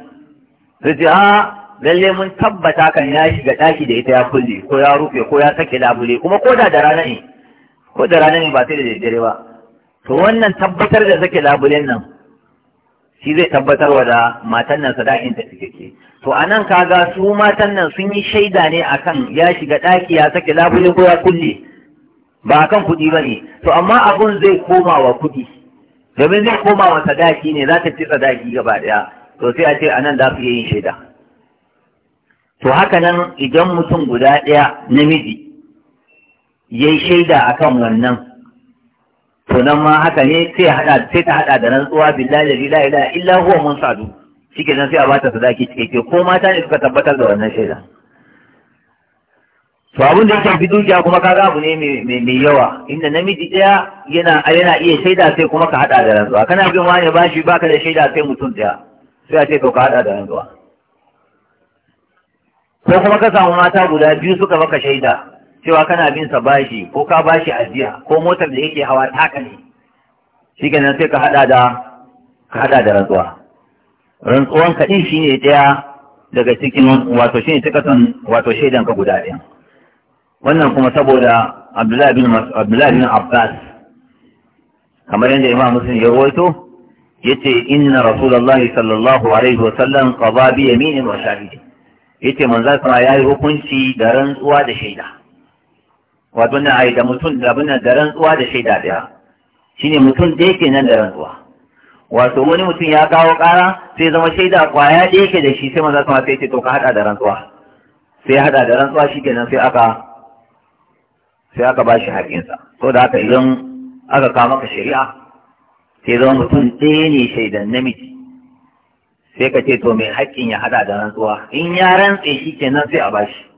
su ce a lalle mun tabbata kan ya shiga daki da ita ya kulle ko ya rufe ko ya sake labule kuma ko da da rana ne ko da rana ne ba sai da daddare ba to wannan tabbatar da sake labulen nan shi zai tabbatar wa da matan nan sadakin ta ke to anan kaga su matan nan sun yi shaida ne akan ya shiga ɗaki ya sake labule ko ya kulle ba akan kuɗi ba ne to amma abun zai koma wa kuɗi domin zai koma wa sadaki ne za ta ci sadaki gaba ɗaya to sai a ce anan za su iya shaida to haka nan idan mutum guda ɗaya namiji ya yi shaida akan wannan to nan ma haka ne sai hada sai ta hada da rantsuwa billahi la ilaha illa huwa munsadu shike nan sai a bata sadaki cikakke ko mata ne suka tabbatar da wannan shaida to abin da yake fi dukiya kuma kaga abu ne mai yawa inda namiji daya yana yana iya shaida sai kuma ka hada da rantsuwa kana bin wani bashi baka da shaida sai mutum daya sai a ce to ka hada da rantsuwa ko kuma ka samu mata guda biyu suka maka shaida cewa kana bin sa bashi ko ka bashi ajiya ko motar da yake hawa taka ne shi nan sai ka hada da ka hada da rantsuwa rantsuwan ka din shine daya daga cikin wato shine takasan wato shaidan ka guda ɗaya wannan kuma saboda Abdullahi bin Abdullahi bin Abbas kamar yadda Imam Muslim ya rawaito yace inna rasulullahi sallallahu alaihi wa sallam qaba bi yamin wa shahidi yace manzo sama yayi hukunci da rantsuwa da shaida wato na ai da mutum da abin da rantsuwa da shaida daya ne mutum da yake nan da rantsuwa wato wani mutum ya kawo kara sai zama shaida kwaya da yake da shi sai maza kuma sai ce to ka hada da rantsuwa sai hada da rantsuwa kenan sai aka sai aka bashi haƙinsa to da haka idan aka kawo maka shari'a sai zama mutum ɗaya ne shaidan namiji sai ka ce to mai haƙƙin ya hada da rantsuwa in ya rantse shi kenan sai a bashi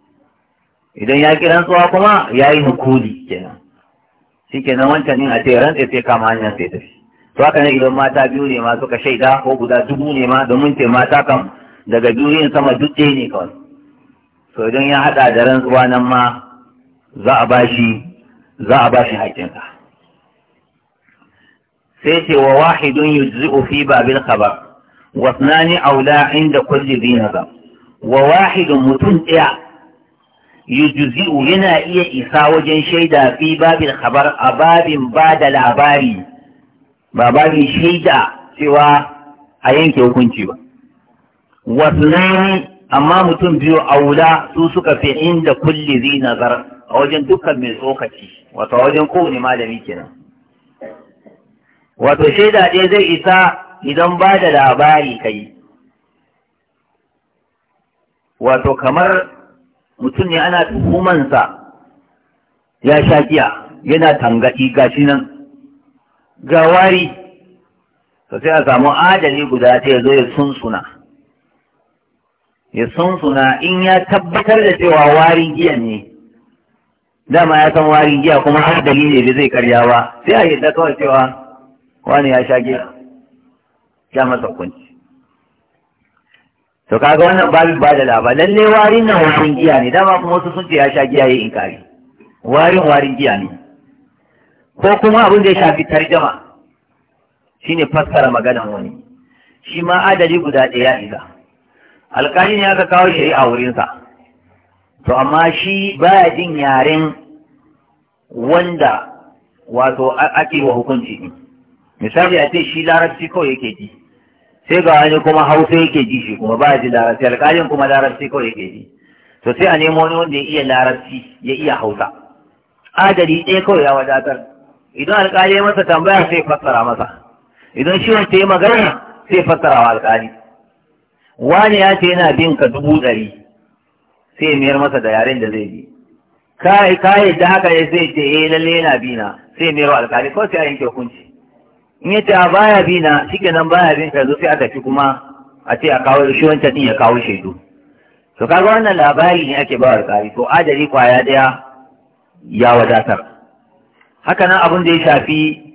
idan ya ƙi rantsuwa kuma ya yi nukuli kenan shi kenan wancan ɗin a ce rantsa sai kama hanyar sai tafi to haka ne idan mata biyu ne ma suka shaida ko guda dubu ne ma domin ce mata kam daga biyu sama duk ne kawai to idan ya haɗa da rantsuwa nan ma za a ba shi za a bashi haƙƙinsa sai ce wa wahidun yujzi'u fi babil khabar a aula inda kulli dhi nazar wa wahidun mutum ɗaya yujzi'u yana iya isa wajen shaida fi babin khabar a babin ba da labari ba babin shaida cewa a yanke hukunci ba wasnani amma mutum biyu aula su suka fi inda kulli zi nazar a wajen dukkan mai tsokaci wato wajen kowane malami kenan wato shaida ɗaya zai isa idan ba da labari kai wato kamar mutum ne ana tuhumansa ya sha giya yana tangaɗi gashi nan ga wari to sai a samu adali guda ta ya zo ya sunsuna ya sunsuna in ya tabbatar da cewa warin giya ne dama ya san warin giya kuma adali ne da zai karya ba sai a yadda kawai cewa wani ya sha giya ya masa kunci to kaga wannan babin ba da laba lalle warin nan wajen giya ne dama kuma wasu sun ce ya sha giya yayin inkari warin warin giya ne ko kuma abin da ya shafi tarjama shine fassara magana wani shi ma adali guda ɗaya isa alƙali ne aka kawo shari'a sa to amma shi baya jin yaren wanda wato ake wa hukunci misali a ce shi larabci kawai yake ji sai ga wani kuma hausa yake ji shi kuma ba ji larabci alƙalin kuma larabci kawai yake ji to sai a nemo wani wanda ya iya larabci ya iya hausa adali ɗaya kawai ya wadatar idan alƙali ya masa tambaya sai fassara masa idan shi wanda ya magana sai fassara wa alƙali wani ya ce yana bin ka dubu ɗari sai mayar masa da yaren da zai bi kai kai da haka ya zai ce eh lalle yana bina sai mayar wa alƙali ko sai a yanke hukunci in ya ce a baya bi na shike nan baya bin ka sai aka ci kuma a ce a kawo shi wancan din ya kawo shaidu to kaga wannan labari ne ake ba alƙali to adali kwaya daya ya wadatar haka nan abin da ya shafi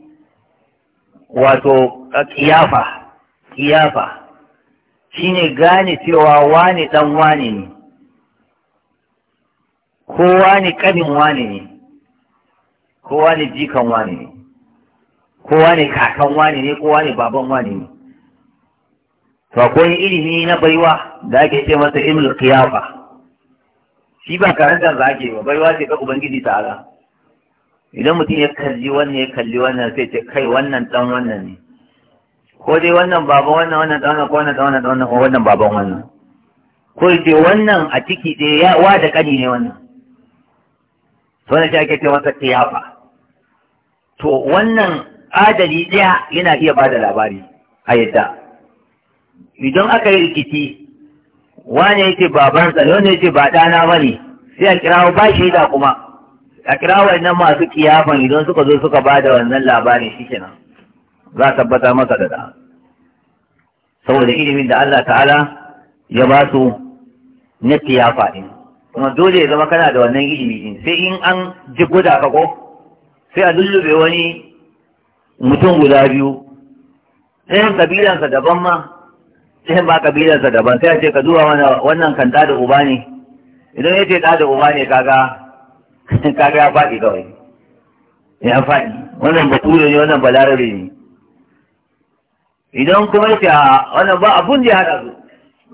wato kiyafa kiyafa shine gane cewa wane dan wane ne ko wane kanin wane ne ko wane jikan wane ne kowa ne kakan wani ne kowa ne baban wani ne to akwai ilimi na baiwa da ake ce masa ilmul qiyafa shi ba karantar za ake ba baiwa ce ga ubangiji ala idan mutum ya kalli wannan ya kalli wannan sai ce kai wannan dan wannan ne ko dai wannan baban wannan wannan dan wannan ko wannan dan wannan wannan ko wannan baban wannan ko ce wannan a ciki dai ya wa da kani ne wannan to ne ake ce masa qiyafa to wannan adali ɗaya yana iya ba da labari a yadda idan aka yi rikici wane yake tsaro ne yake ba ɗana ba ne sai a kirawo ba shaida kuma a kirawo wannan masu kiyafan idan suka zo suka ba da wannan labarin shi kenan za a tabbata masa da ɗan saboda ilimin da Allah ta'ala ya ba su na kiyafa ɗin kuma dole ya zama kana da wannan ilimi sai in an ji guda ka ko sai a lullube wani mutum guda biyu ɗayan kabilansa daban ma ɗayan ba kabilansa daban sai a ce ka zuwa mana wannan kan da uba ne idan ya ce da da uba ne kaga kaga ya faɗi kawai ya faɗi wannan ba ture ne wannan ba larabe ne idan kuma ya ce wannan ba abun da ya haɗa su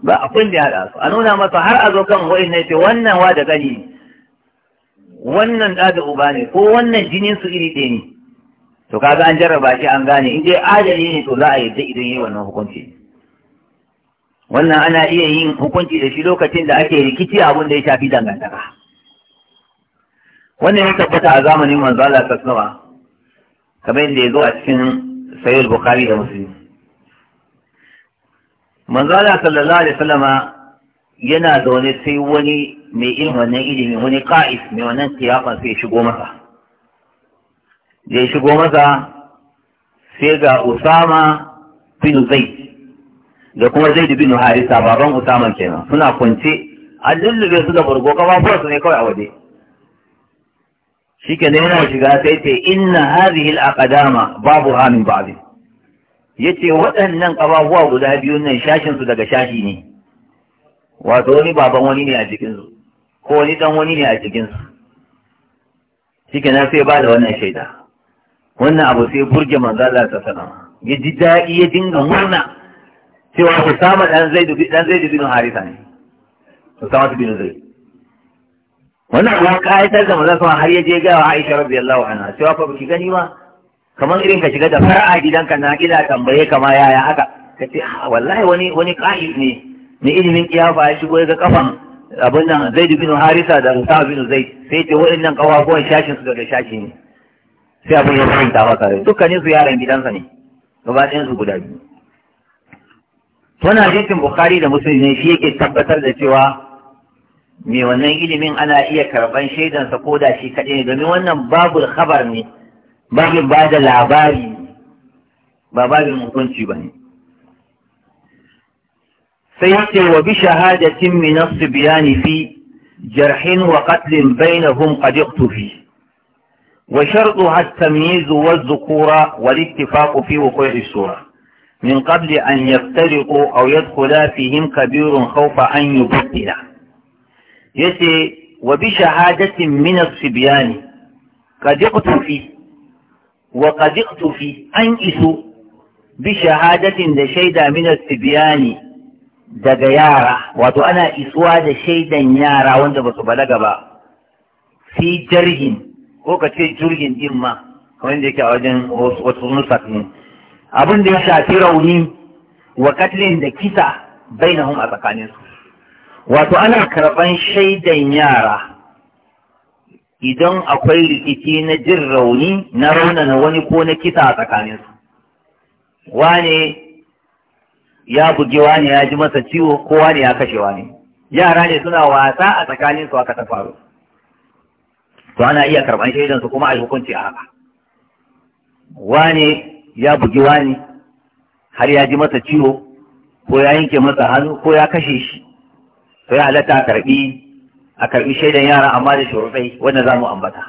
ba abun da ya haɗa su a nuna masa har a zo kan wa'in na ce wannan wa da gani wannan da da uba ne ko wannan jinin su iri ɗaya ne to kaga an jarraba shi an gane in dai adali ne to za a yi idan yi wannan hukunci wannan ana iya yin hukunci da shi lokacin da ake rikici abin da ya shafi dangantaka wannan ya tabbata a zamanin manzo Allah sallallahu kamar yadda ya zo a cikin sayyid bukhari da muslim manzo Allah sallallahu alaihi wasallama yana zaune sai wani mai ilmi wannan ilimi wani qa'is mai wannan tiyafa sai ya shigo masa da shigo masa sai ga Usama bin Zaid da kuma Zaid bin Harisa baban Usama kenan suna kwance a lullube su da burgo kafafuwar su ne kawai a waje shike ne yana shiga sai ce inna hadhihi al-aqdama babu hamin ba'd yace waɗannan kafafuwa guda biyu nan shashin su daga shashi ne wato wani baban wani ne a cikin su ko wani dan wani ne a cikin su shike na sai ba da wannan shaida wannan abu sai burge manzo Allah ta sana ya ji daɗi ya dinga murna cewa Usama dan ɗan dan Zaid bin Harisa ne sama bin Zaid wannan abu ya kayatar da manzo sama har ya je ga Aisha radiyallahu anha cewa fa baki gani ma. kamar irin ka shiga da fara'a gidanka na ila tambaye kama yaya haka kace ah, wallahi wani wani qa'id ne ne ilimin kiyafa ya shigo ya ga kafan abin nan zaidu bin Harisa da Usama bin Zaid sai ce waɗannan kafafuwan shashin su daga shashi ne sai abin ya ta masa rai dukkanin su yaran gidansa ne gaba ɗayan su guda biyu Wani hadisin bukari da musulmi ne shi yake tabbatar da cewa mai wannan ilimin ana iya karban shaidansa ko da shi kaɗai ne domin wannan babu khabar ne babin ba da labari ba babin hukunci ba ne sai ce wa bi shahadatin min as-sibyani fi jarhin wa qatlin bainahum qad iqtufi وشرطها التمييز والذكور والاتفاق في وقوع الشورى من قبل أن يفترقوا أو يدخل فيهم كبير خوف أن يبدل يتي وبشهادة من الصبيان قد اقتفي وقد اقتفي أنئس بشهادة لشيدة من الصبيان daga وأنا إسواد شيدا يارا وانت shaidan في جرهم ko ka ce jirgin din ma kamar da yake a wajen wasu nusat abin da ya shafi rauni wa katlin da kisa bainahum a tsakaninsu wato ana karɓan shaidan yara idan akwai rikici na jin rauni na rauna na wani ko na kisa a tsakaninsu wane ya buge wane ya ji masa ciwo ko wane ya kashe wane yara ne suna wasa a tsakaninsu aka ta to ana iya karɓan shaidan su kuma a hukunci a haka wani ya bugi wani har ya ji masa ciwo ko ya yanke masa hannu ko ya kashe shi to ya halatta a karɓi a karɓi shaidan yara amma da shuruɗai wanda za mu ambata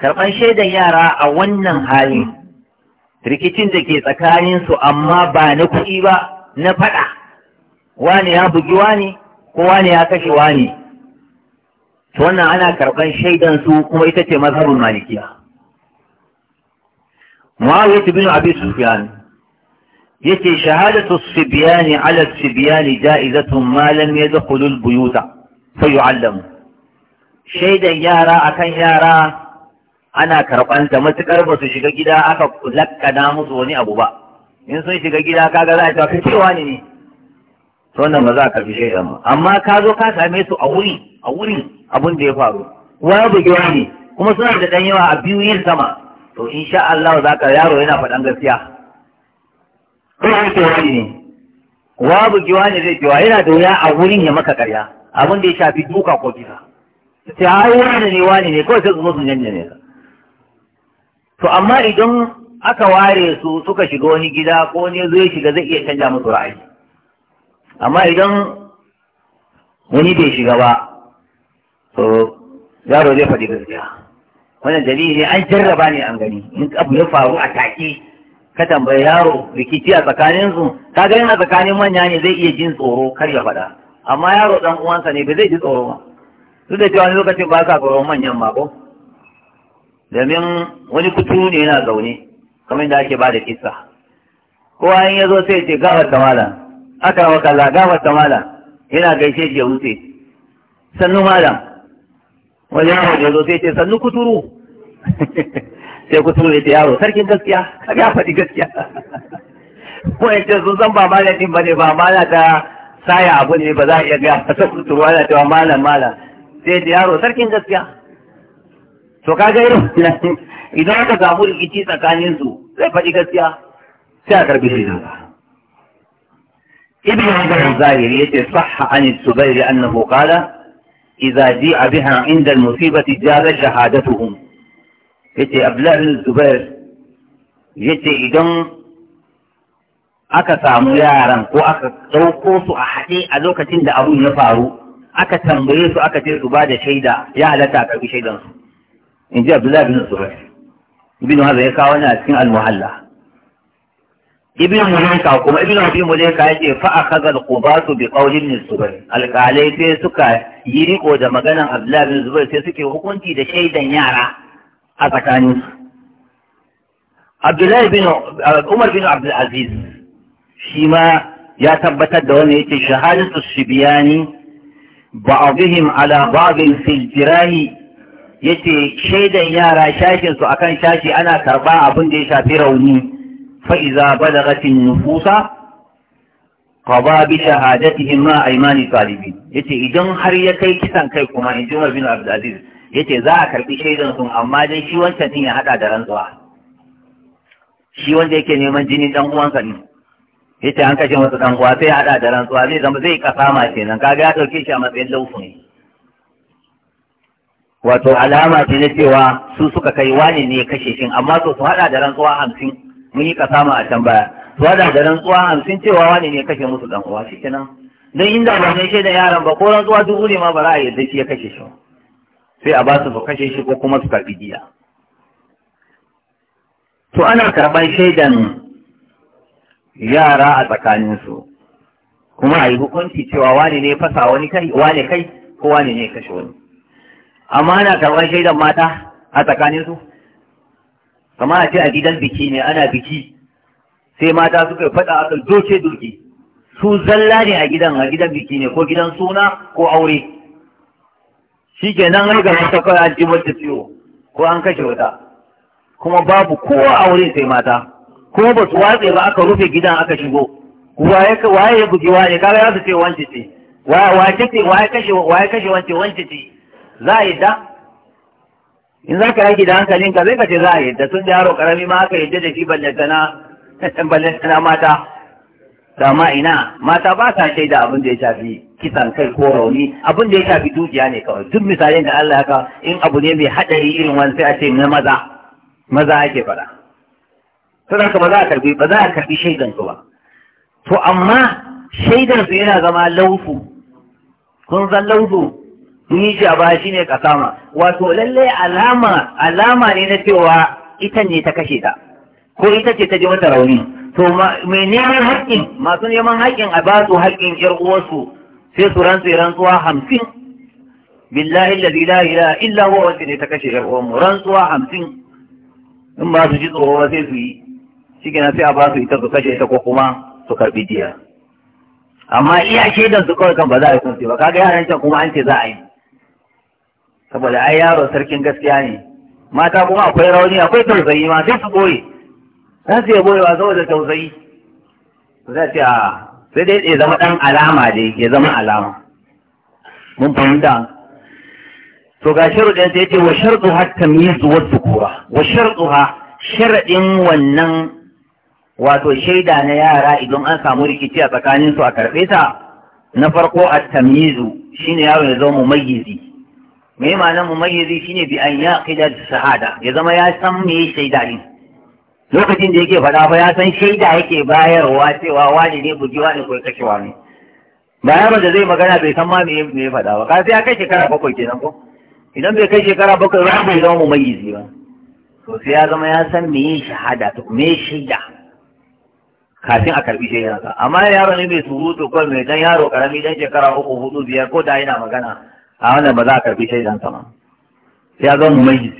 karɓan shaidan yara a wannan hali rikicin da ke tsakanin su amma ba na kuɗi ba na faɗa wani ya bugi wani ko wani ya kashe wani to wannan ana karɓar shaidan su kuma ita ce mazhabul malikiya Muawiya bin Abi Sufyan yace shahadatu sibyani ala sibyani ja'izatun ma lam yadkhulu al-buyuta fayu'allam shaidan yara akan yara ana karɓar ta matukar ba su shiga gida aka lakkana musu wani abu ba in sun shiga gida kaga za a ce kai cewa ne to wannan ba za ka fi shaidan ba amma ka zo ka same su a wuri a wuri abin da ya faru ya bugi wani kuma suna da dan yawa a biyu yin sama to insha Allah za ka yaro yana faɗan gaskiya ko ya ce wani ne wa bugi wani zai cewa yana da wuya a wurin ya maka karya abin da ya shafi duka ko kisa sai ai wani ne wani ne kawai sai su musu su ne to amma idan aka ware su suka shiga wani gida ko ne zai shiga zai iya canja musu ra'ayi amma idan wani bai shiga ba to yaro zai faɗi gaskiya wannan dalili ne an jarraba ne an gani in abu ya faru a take ka tambayi yaro rikici a tsakanin su ka gani a tsakanin manya ne zai iya jin tsoro kar ya faɗa amma yaro dan uwansa ne bai zai ji tsoro ba duk da cewa wani lokacin ba sa tsoron manyan ma ko domin wani kutu ne yana zaune kamar da ake ba da kisa kowa in ya zo sai ce gawar kamala aka wa kaza gafarta malam yana gaishe ya wuce sannu malam wani ya zo sai ce sannu kuturu sai kuturu ya ce yaro sarkin gaskiya ka ya faɗi gaskiya ko ya ce sun san ba mala din ne ba mala ta saya abu ne ba za a iya ga ta kuturu ana cewa malam malam sai ce yaro sarkin gaskiya to kaga irin idan aka samu rikici tsakaninsu zai faɗi gaskiya sai a karbi shi ابن الزبير يتصح عن الزبير أنه قال إذا جيء بها عند المصيبة جاب شهادتهم يتي أبلاء الزبير يتي إذن أكا ساميارا وأكا قوقوص أحكي أذوك تند أبو نفارو أكا تنبريس أكا تلتبا دا شيدا يا لتاك بشيدا إن جاء أبلاء بن الزبير ابن هذا يقاونا أسكين المحلة ibn mulaika kuma ibn abi kai ce fa akhadha al-qubatu bi qawli ibn zubair alqalai sai suka yi riko da maganan abdullah ibn zubair sai suke hukunci da shaidan yara a tsakanin su abdullah ibn uh, umar bin abdul aziz shi ma ya tabbatar da wannan yace shahadatu shibiyani ba'dihim ala ba'd fil jirahi yace shaidan yara shashin su akan shashi ana karba abin da ya shafi rauni فإذا بلغت النفوس قضى بشهادتهم ما أيمان الطالبين يتي إذن حريتي كسان كيكما إن جمر بن عبد العزيز يتي ذاكر بشيء ثم أما جي شوان تنين حتى دران زواح شوان جي كان يمن جنين دنقوان كنين yace an kashe masa dan uwa sai hada da rantsuwa zai zama zai kasama kenan kaga ya dauke shi a matsayin laufu wato alama ce cewa su suka kai wani ne kashe shin amma so su da rantsuwa hamsin mun yi kasama a can baya zuwa da da rantsuwa hamsin cewa wani ne kashe musu dan uwa shikenan don inda ba zai shaida yaran ba ko rantsuwa dubu ne ma ba za a yarda shi ya kashe shi sai a ba su ba kashe shi ko kuma su karbi giya to ana karɓar shaidan yara a tsakaninsu kuma a yi hukunci cewa wani ne fasa wani kai wani kai ko wani ne kashe wani amma ana karɓar shaidan mata a tsakaninsu kama a ce a gidan biki ne ana biki sai mata suka faɗa aka doke doke su zalla ne a gidan a gidan biki ne ko gidan suna ko aure shi ke nan riga mata kawai an jimar da ciwo ko an kashe wata kuma babu kowa aure sai mata kuma ba su watse ba aka rufe gidan aka shigo waye ya bugi waye kaga za su ce wance ce waye kashe wance wance ce za a yi da in za ka aiki da hankalin ka zai ka ce za a yadda tun da yaro karami ma aka yadda da shi ballantana mata dama ina mata ba sa shaida abin da ya shafi kisan kai ko rauni abin da ya shafi dukiya ne kawai duk misalin da Allah ka in abu ne mai haɗari irin wani sai a ce na maza maza ake faɗa. sai ka ba za a karbi ba za a karbi shaidan ba to amma shaidan su yana zama laufu kun san laufu Nija ba shi ne ƙasama. wato lallai alama, alama ne na cewa ita ne ta kashe ta, ko ita ce ta ji mata rauni. To mai neman haƙƙin, masu neman haƙƙin a ba su haƙƙin ƴar uwarsu sai su rantsu rantsuwa hamsin. Billahi lazi la ilaha illa huwa wacce ne ta kashe ƴar uwarmu rantsuwa hamsin. In ba su ji tsoro ba sai su yi. Shi sai a ba su ita su kashe ta ko kuma su karɓi diya. Amma iya shaidan su kawai kan ba za a yi kunce ba, kaga yaran can kuma an ce za a yi. saboda ai yaro sarkin gaskiya ne mata kuma akwai rauni akwai tausayi ma sai su boye za su iya boyewa saboda tausayi za ce a sai dai ya zama ɗan alama dai ya zama alama mun fahimta to ga sharuɗin sai ce wa sharɗu ha tamyiz wa sukura wa sharɗu ha sharaɗin wannan wato shaida na yara idan an samu rikici a tsakanin su a karɓe ta na farko a tamizu shine yaro ya zama mayyizi mai ma'anar mumayyizi shine bi an yaqida shahada ya zama ya san me shaida din lokacin da yake fada fa ya san shaida yake bayarwa cewa wani ne buji wani ko kashe wani ba yaron da zai magana bai san ma me ya fada ba kasi ya kai shekara bakwai kenan ko idan bai kai shekara bakwai ba bai zama mumayyizi ba to sai ya zama ya san me shahada to me shaida kafin a karbi shaidansa amma yaro ne bai surutu kawai mai dan yaro karami dan shekara uku hudu biyar ko da yana magana a wannan ba za a karfi shaidan sama ya zama mumayyiz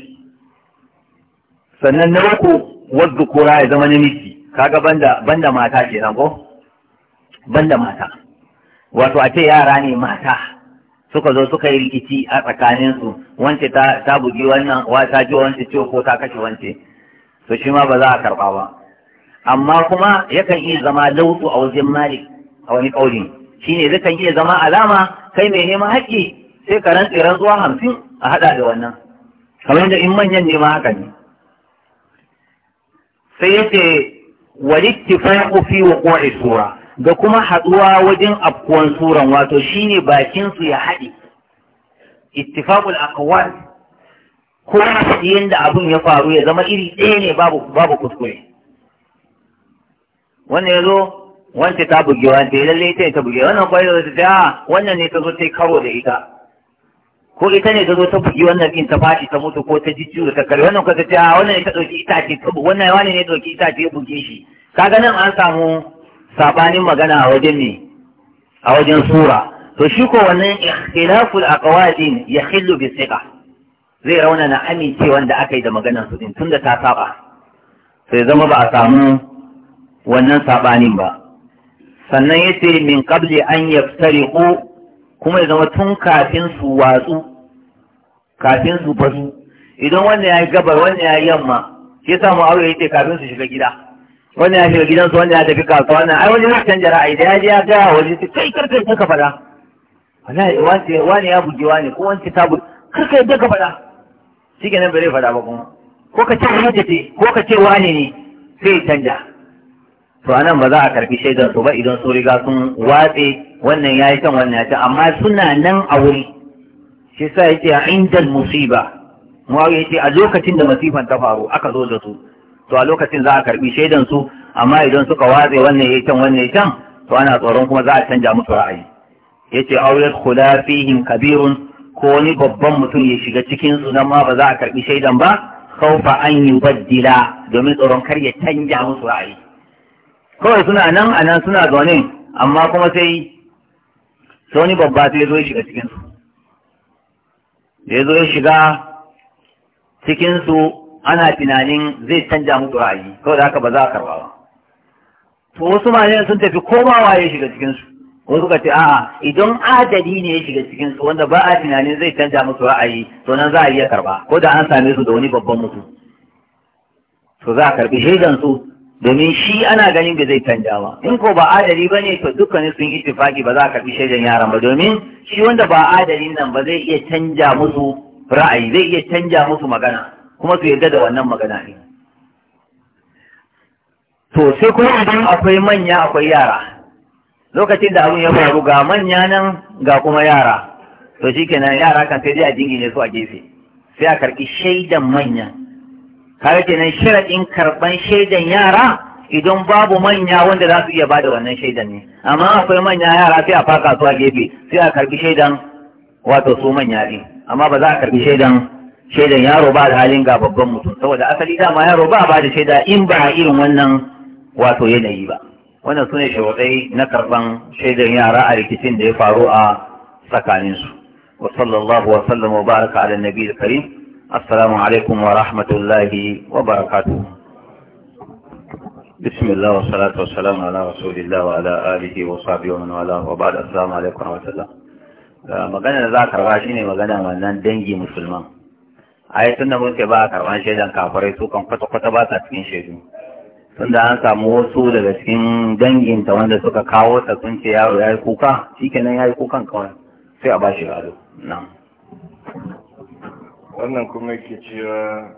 sannan na uku wadda kura ya zama namiji kaga banda banda mata ke nan ko banda mata wato a ce yara ne mata suka zo suka yi rikici a tsakaninsu wance ta ta bugi wannan wa ta ji wance ce ko ta kashe wance to shi ma ba za a karba ba amma kuma yakan iya zama lautu a wajen malik a wani kauli shine kan iya zama alama kai mai neman haƙƙi sai ka rantse rantsuwa hamsin a haɗa da wannan kamar yadda in manyan ne ma haka ne sai ya ce ofi wa wuqu'i sura da kuma haɗuwa wajen afkuwan suran wato shine ne bakinsu ya haɗe ittifaqul aqwal ko yadda abun ya faru ya zama iri ɗaya ne babu babu kuskure wannan ya zo wance ta buge ta lalle ita ta buge wannan kwai da ta wannan ne ta zo ta karo da ita ko ita ne ta zo ta bugi wannan din ta fashi ta mutu ko ta ji ciwo da kare wannan ce ta wannan ne ta dauki itace ta wannan wani ne dauki itace ya buge shi kaga nan an samu sabanin magana a wajen ne a wajen sura to shi ko wannan ikhtilaful aqwalin yahillu bi thiqa zai rauna na amincewa da aka yi da maganar su din tunda ta saba sai zama ba a samu wannan sabanin ba sannan yace min qabli an yaftariqu kuma ya zama tun kafin su watsu kafin su fasu, idan wannan ya yi gabar wannan ya yi yamma ya samu aure ya ce kafin su shiga gida wannan ya shiga gidansu wannan ya tafi kasuwa wannan ai wani ya canja ra'ayi da ya je ya ga waje sai kai karkai ka faɗa wani ya buge wani ko wani ta buge karkai da ka faɗa shi ke nan bai faɗa ba kuma ko ka ce wani ce ko ka ce wani ne sai ya canja to anan ba za a karfi shaidan su ba idan sun riga sun watse wannan ya yi kan wannan ya amma suna nan a wuri shi sa ya ce a inda musiba mu'awu ya ce a lokacin da masifan ta faru aka zo da su to a lokacin za a karbi shaidan su amma idan suka watse wannan ya yi can wannan ya can to ana tsoron kuma za a canja musu ra'ayi ya ce kula fihin kabirun ko wani babban mutum ya shiga cikin su nan ma ba za a karbi shaidan ba kaufa an yi baddila domin tsoron kar ya canja musu ra'ayi kawai suna nan a nan suna zaune amma kuma sai sai wani babba sai zo ya shiga cikin su ya zo ya shiga cikin su ana tunanin zai canja musu ra'ayi kawai da haka ba za a karba ba to wasu malayan sun tafi komawa ya shiga cikin su wasu suka ce a'a idan adadi ne ya shiga cikin su wanda ba a tunanin zai canja musu ra'ayi to nan za a iya karba ko da an same su da wani babban mutum to za a karbi shaidan su domin shi ana ganin da zai canja ba in ko ba adali ba ne to dukkanin sun ittifaki ba za ka fi shaidan yaran ba domin shi wanda ba adali nan ba zai iya canja musu ra'ayi zai iya canja musu magana kuma su yarda da wannan magana ne to sai kuma idan akwai manya akwai yara lokacin da abin ya faru ga manya nan ga kuma yara to shikenan yara kan sai dai a jingine su a gefe sai a karɓi shaidan manyan kaga kenan sharaɗin karɓan shaidan yara idan babu manya wanda za su iya ba da wannan shaidan ne amma akwai manya yara sai a faka su a gefe sai a karɓi shaidan wato su manya ne amma ba za a karɓi shaidan shaidan yaro ba da halin ga babban mutum saboda asali dama yaro ba ba da shaida in ba a irin wannan wato yanayi ba wannan sune shawarai na karban shaidan yara a rikicin da ya faru a tsakaninsu wa sallallahu wa sallam wa baraka ala nabiyil karim السلام عليكم ورحمة الله وبركاته بسم الله والصلاة والسلام على رسول الله وعلى آله وصحبه ومن والاه وبعد السلام عليكم ورحمة الله مغانا da za مغانا karba دنجي مسلمان magana wannan dangi musulman a yi tun da muke ba a karban shaidan kafarai su kan kwata-kwata ba sa cikin shaidu tun da an samu wasu daga cikin dangin ta wanda suka kawo ta sun ce yaro ya yi kuka shi kenan ya yi kukan kawai sai a ba shi gado na'am wannan kuma yake cewa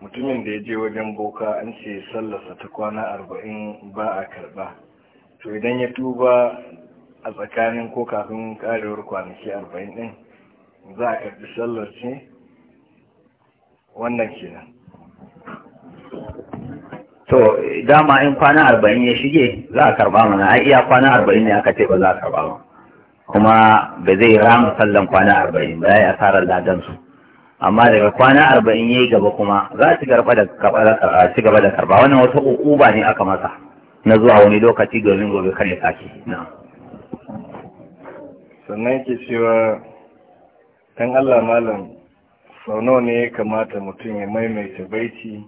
mutumin da ya je wajen boka an ce sallarsa ta kwana arba'in ba a karba to idan ya tuba a tsakanin ko kafin karewar kwanaki arba'in din za a karbi sallar ce wannan nan. to dama in kwana arba'in ya shige za a karba mana ai iya kwana arba'in ne aka ce ba za a karba ba kuma ba zai ramu sallan kwana arba'in ba ya asarar ladansu amma daga kwana arba'in ya yi gaba kuma za su ci gaba da karba wannan wata ukuba ne aka masa na zuwa wani lokaci domin gobe kan ya sake na sannan ke cewa ɗan Allah malam sau nawa ne ya kamata mutum ya maimaita baiti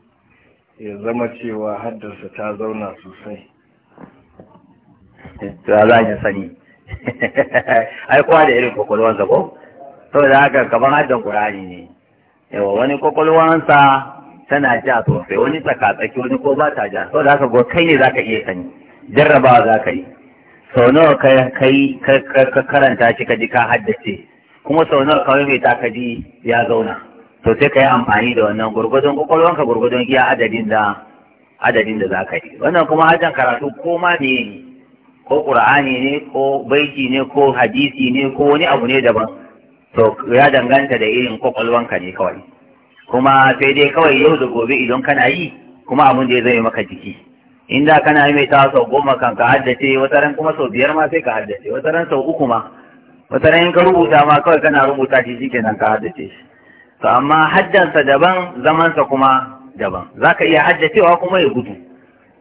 ya zama cewa haddarsa ta zauna sosai za za ya sani ai kowa da irin kwakwalwansa ko saboda haka kamar haddan kurani ne yawa wani kwakwalwansa tana ja sosai wani tsakatsaki wani ko ba ta ja da haka go kai ne za ka iya sani jarrabawa za ka yi sau nawa ka kai ka karanta shi ka ji ka haddace kuma sau nawa ka ta ka ji ya zauna to sai ka yi amfani da wannan gurgudun ka gurgudun iya adadin da adadin da ka yi wannan kuma hajjan karatu ko ma ne ko ƙur'ani ne ko baiki ne ko hadisi ne ko wani abu ne daban to ya danganta da irin kwakwalwanka ne kawai kuma sai dai kawai yau da gobe idan kana yi kuma abin da ya zai maka jiki in da kana yi mai ta sau goma kan ka haddace wata ran kuma sau biyar ma sai ka haddace wata ran sau uku ma wata ran in ka rubuta ma kawai kana rubuta shi nan ka haddace shi to amma haddansa daban zamansa kuma daban za ka iya haddacewa kuma ya gudu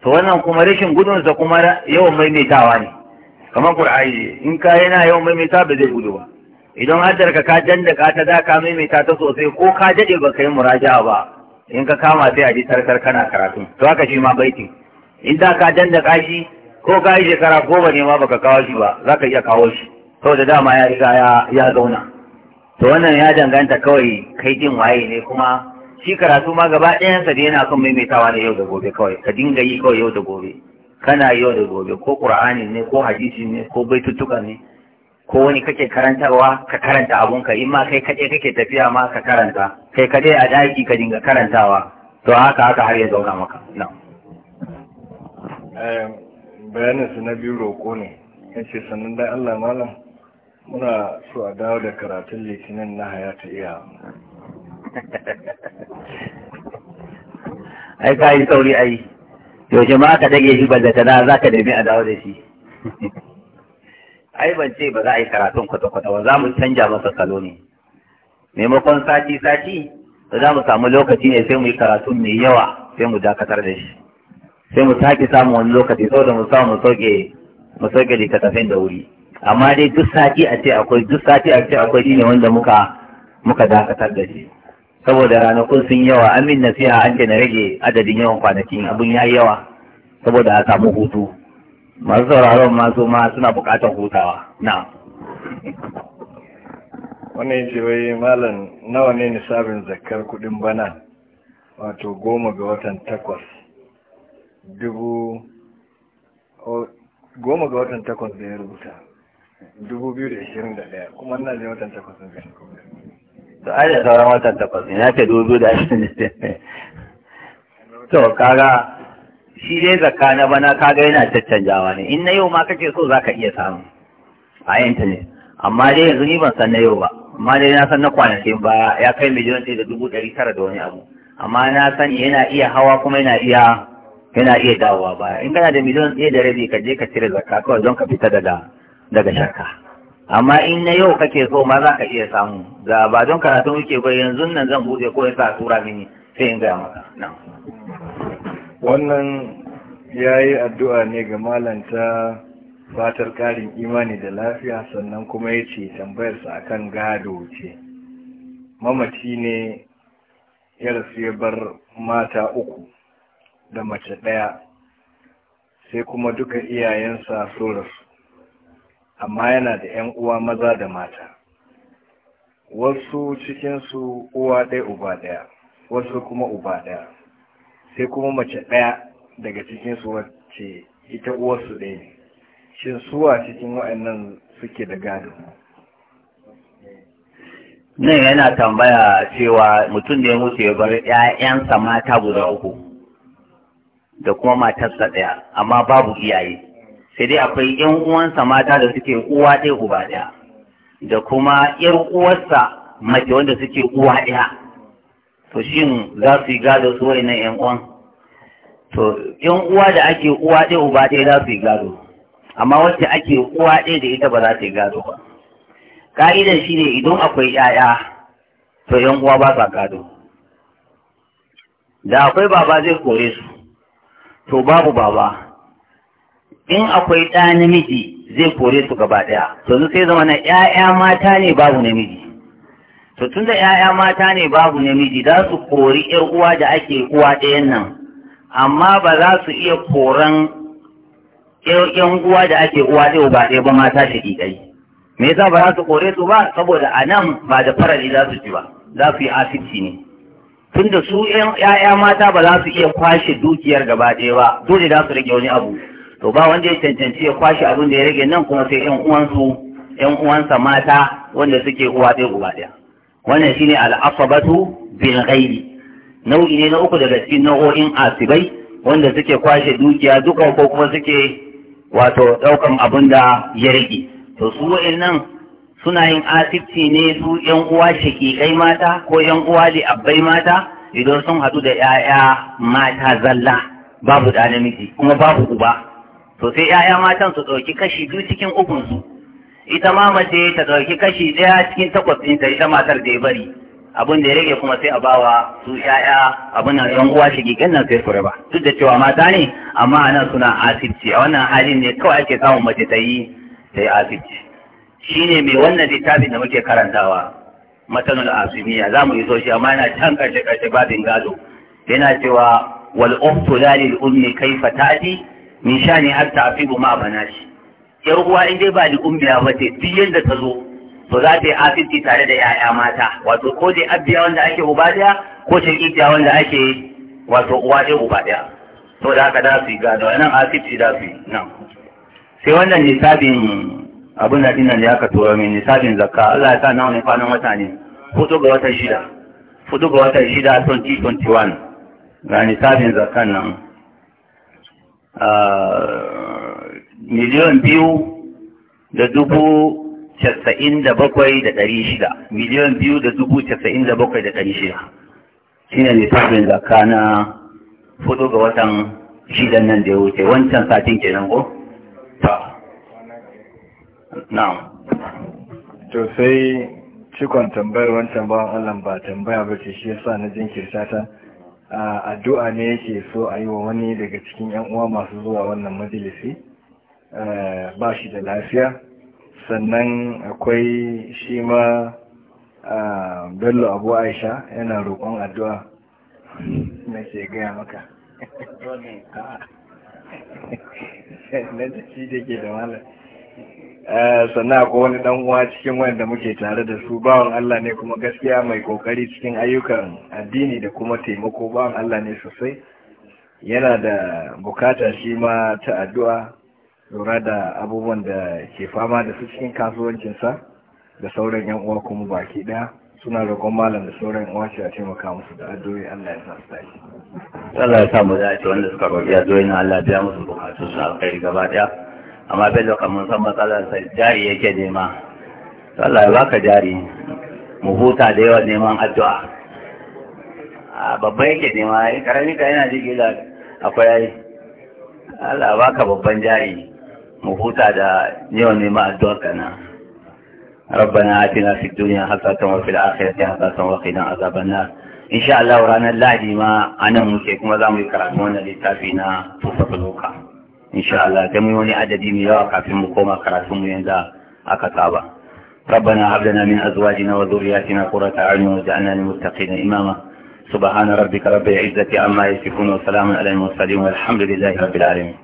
to wannan kuma rashin gudunsa kuma yawan maimaitawa ne kamar ƙur'ani in ka yana yawan maimaita ba zai gudu ba idan hajjar ka ka ka ta da ka maimaita ta sosai ko ka dade ba yi muraja ba in ka kama sai a ji tarkar kana karatu to haka shi ma baiti in da ka janda ka shi ko ka yi shekara goma ne ma baka kawo shi ba za ka iya kawo shi saboda dama ya riga ya zauna to wannan ya danganta kawai kai din waye ne kuma shi karatu ma gaba ɗayan da yana son maimaitawa ne yau da gobe kawai ka dinga yi kawai yau da gobe kana yau da gobe ko ƙur'ani ne ko hadisi ne ko baitutuka ne ko wani kake karantarwa ka karanta abunka in ma kai kaɗai kake tafiya ma ka karanta kai kaɗai a daki ka dinga karantawa to haka haka har ya zauna maka na eh, su na biyu roko ne ya ce sannan dai allah malam muna so a dawo da karatun litinin na hayata iya ai ka yi sauri ai yau jama'a ka dage shi ballata na za ka dami a dawo da shi ai ban ce ba za a yi karatun kwata-kwata ba za mu canja masa salo ne maimakon sati-sati da za mu samu lokaci ne sai mu yi karatu mai yawa sai mu dakatar da shi sai mu sake samun wani lokaci saboda mu samu mu sauke mu sauke littattafin da wuri amma dai duk sati a ce akwai duk sati a ce akwai ne wanda muka muka dakatar da shi saboda ranakun sun yawa amin nasiha an ce na rage adadin yawan kwanakin abun yayi yawa saboda a samu hutu masu sauraron masu ma suna bukatar hutawa na wani ce wai malam nawa ne nisabin zakar kudin bana wato goma ga watan takwas dubu goma ga watan takwas da ya rubuta dubu biyu da ashirin da daya kuma ina da watan takwas da to ai da sauran watan takwas ne ya ce dubu biyu da ashirin da daya to kaga shi dai zakka na bana kaga yana caccanjawa ne in na yau ma kake so zaka iya samu a intanet amma dai yanzu ni ban san na yau ba amma dai na san na kwanakin ba ya kai miliyan ɗaya da dubu ɗari tara da wani abu amma na san yana iya hawa kuma yana iya yana iya dawowa ba in kana da miliyan ɗaya da rabi ka je ka cire zakka kawai don ka fita daga daga shakka amma in na yau kake so ma za ka iya samu da ba don karatu wuke ba yanzu nan zan buɗe ko ya sa tura mini sai in gaya maka wannan ya yi addu'a ne ga malanta fatar ƙarin imani da lafiya sannan kuma ya ce tambayarsa akan gado ce mamaci ne ya rasu ya bar mata uku da mace ɗaya sai kuma duka iyayensa so rasu amma yana da ‘yan uwa maza da mata wasu cikinsu uwa ɗaya uba ɗaya wasu kuma uba ɗaya sai kuma mace ɗaya daga cikin su wacce ita uwarsu ɗaya ne shi suwa cikin waɗannan suke da gado nan yana tambaya cewa mutum da ya mutu ya bar ‘ya'yansa mata guda uku da kuma matarsa ɗaya amma babu iyaye sai dai akwai ‘yan uwansa mata da suke uwa ɗaya uba ɗaya da kuma ‘yar uwarsa mace wanda suke uwa ɗaya to shin za su yi gado su wai na yan uwan to ƴan uwa da ake uwa ɗaya uba ɗaya za su yi gado amma wacce ake uwa ɗaya da ita ba za su yi gado ba ƙa'idar shi ne idan akwai 'ya'ya to ƴan uwa ba sa gado da akwai baba zai kore su to babu baba in akwai ɗa namiji zai kore su gaba ɗaya to sai zama na 'ya'ya mata ne babu namiji to tun da ‘ya'ya mata ne babu namiji za su kori ‘yar uwa da ake uwa ɗayan nan amma ba za su iya koran ‘yan uwa da ake uwa ɗaya ba ɗaya ba mata da ɗiɗai me yasa ba za su kore su ba saboda a nan ba da farali za su ci ba za su yi asibiti ne tun da su ‘ya'ya mata ba za su iya kwashe dukiyar gaba ɗaya ba dole za su rage wani abu to ba wanda ya cancanci ya kwashe abin da ya rage nan kuma sai ‘yan uwansu ‘yan uwansa mata wanda suke uwa ɗaya uba ɗaya wannan shine al'asabatu bil ghairi nau'i ne na uku daga cikin nau'o'in asibai wanda suke kwashe dukiya duka ko kuma suke wato daukan abin da ya rike to su wa'annan suna yin asibci ne su yan uwa shakikai mata ko yan uwa li'abbai mata idan sun hadu da 'ya'ya mata zalla babu ɗa namiji kuma babu uba to sai 'ya'ya matan su ɗauki kashi biyu cikin ukunsu ita ma mace ta ɗauki kashi ɗaya cikin takwas ɗinta ita matar da ya bari abin da ya rage kuma sai a bawa su ƴaƴa abin nan yan uwa gigan nan sai su ba duk da cewa mata ne amma anan suna asibci a wannan halin ne kawai ake samun mace ta yi ta yi asibci ne mai wannan littafin da muke karantawa matanul asibiya za mu iso shi amma yana can ƙarshe ƙarshe babin gado yana cewa wal lalil ummi kaifa tati min shani hatta afibu ma banashi yar uwa in dai ba umbiya ba ce duk yadda ta zo to za ta yi asibiti tare da 'ya'ya mata wato ko dai abbiya wanda ake uba daya ko shakikiya wanda ake wato uwa dai uba daya to da haka dafi, su yi gado nan asibiti da su yi nan sai wannan nisabin abin da dinan da ka tura min nisabin zakka Allah ya sa nawa ne kwanan wata ne hudu ga watan shida hudu ga watan shida 2021 ga nisabin zakkan nan ah, miliyan biyu da dubu casa'in da bakwai da ɗari shida miliyan biyu da dubu casa'in da bakwai da ɗari shida shi ne lissafin zakka na hudu ga watan shidan nan da ya wuce wancan satin ke nan ko? ta Na. to sai cikon tambayar wancan ba, allah ba tambaya ba ce shi sa na jinkirta A addu'a ne yake so a yi wa wani daga cikin yan uwa masu zuwa wannan majalisi Eh, ba shi da lafiya sannan akwai shi ma eh, bello abu aisha yana roƙon addu'a na ke gaya maka na jiki da ke da malar eh, sannan akwai wani dan uwa cikin wanda muke tare da su bawan Allah ne kuma gaskiya mai kokari cikin ayyukan addini da kuma taimako bawan Allah ne sosai yana da bukata shi ma ta addu'a lura da abubuwan da ke fama da su cikin kasuwancinsa da sauran yan uwa kuma baki daya suna roƙon malam da sauran yan uwa a taimaka musu da addu'o'i Allah ya sa su tashi Allah ya sa mu da ita wanda suka roƙi addu'o'i na Allah biya musu bukatu su alƙairi gaba daya amma da kamar san matsalar sai jari yake nema Allah ya baka jari mu huta da yawa neman addu'a babban yake nema karami ka yana jigila akwai Allah ya baka babban jari mu huta da yawan nema addu’a kana. Rabbana atina fi duniya hasatan wa fil akhirati hasatan wa qina azabannar. Insha Allah ranar Lahadi ma anan muke kuma za mu yi karatu wannan littafi na Tufafin Luka. Insha Allah da mu wani adadi mai yawa kafin mu koma karatu mu yanda aka saba. Rabbana hab lana min azwajina wa dhurriyyatina qurrata a'yun waj'alna lil muttaqina imama. Subhana rabbika rabbil izzati amma yasifun wa salamun alal mursalin walhamdulillahi rabbil alamin.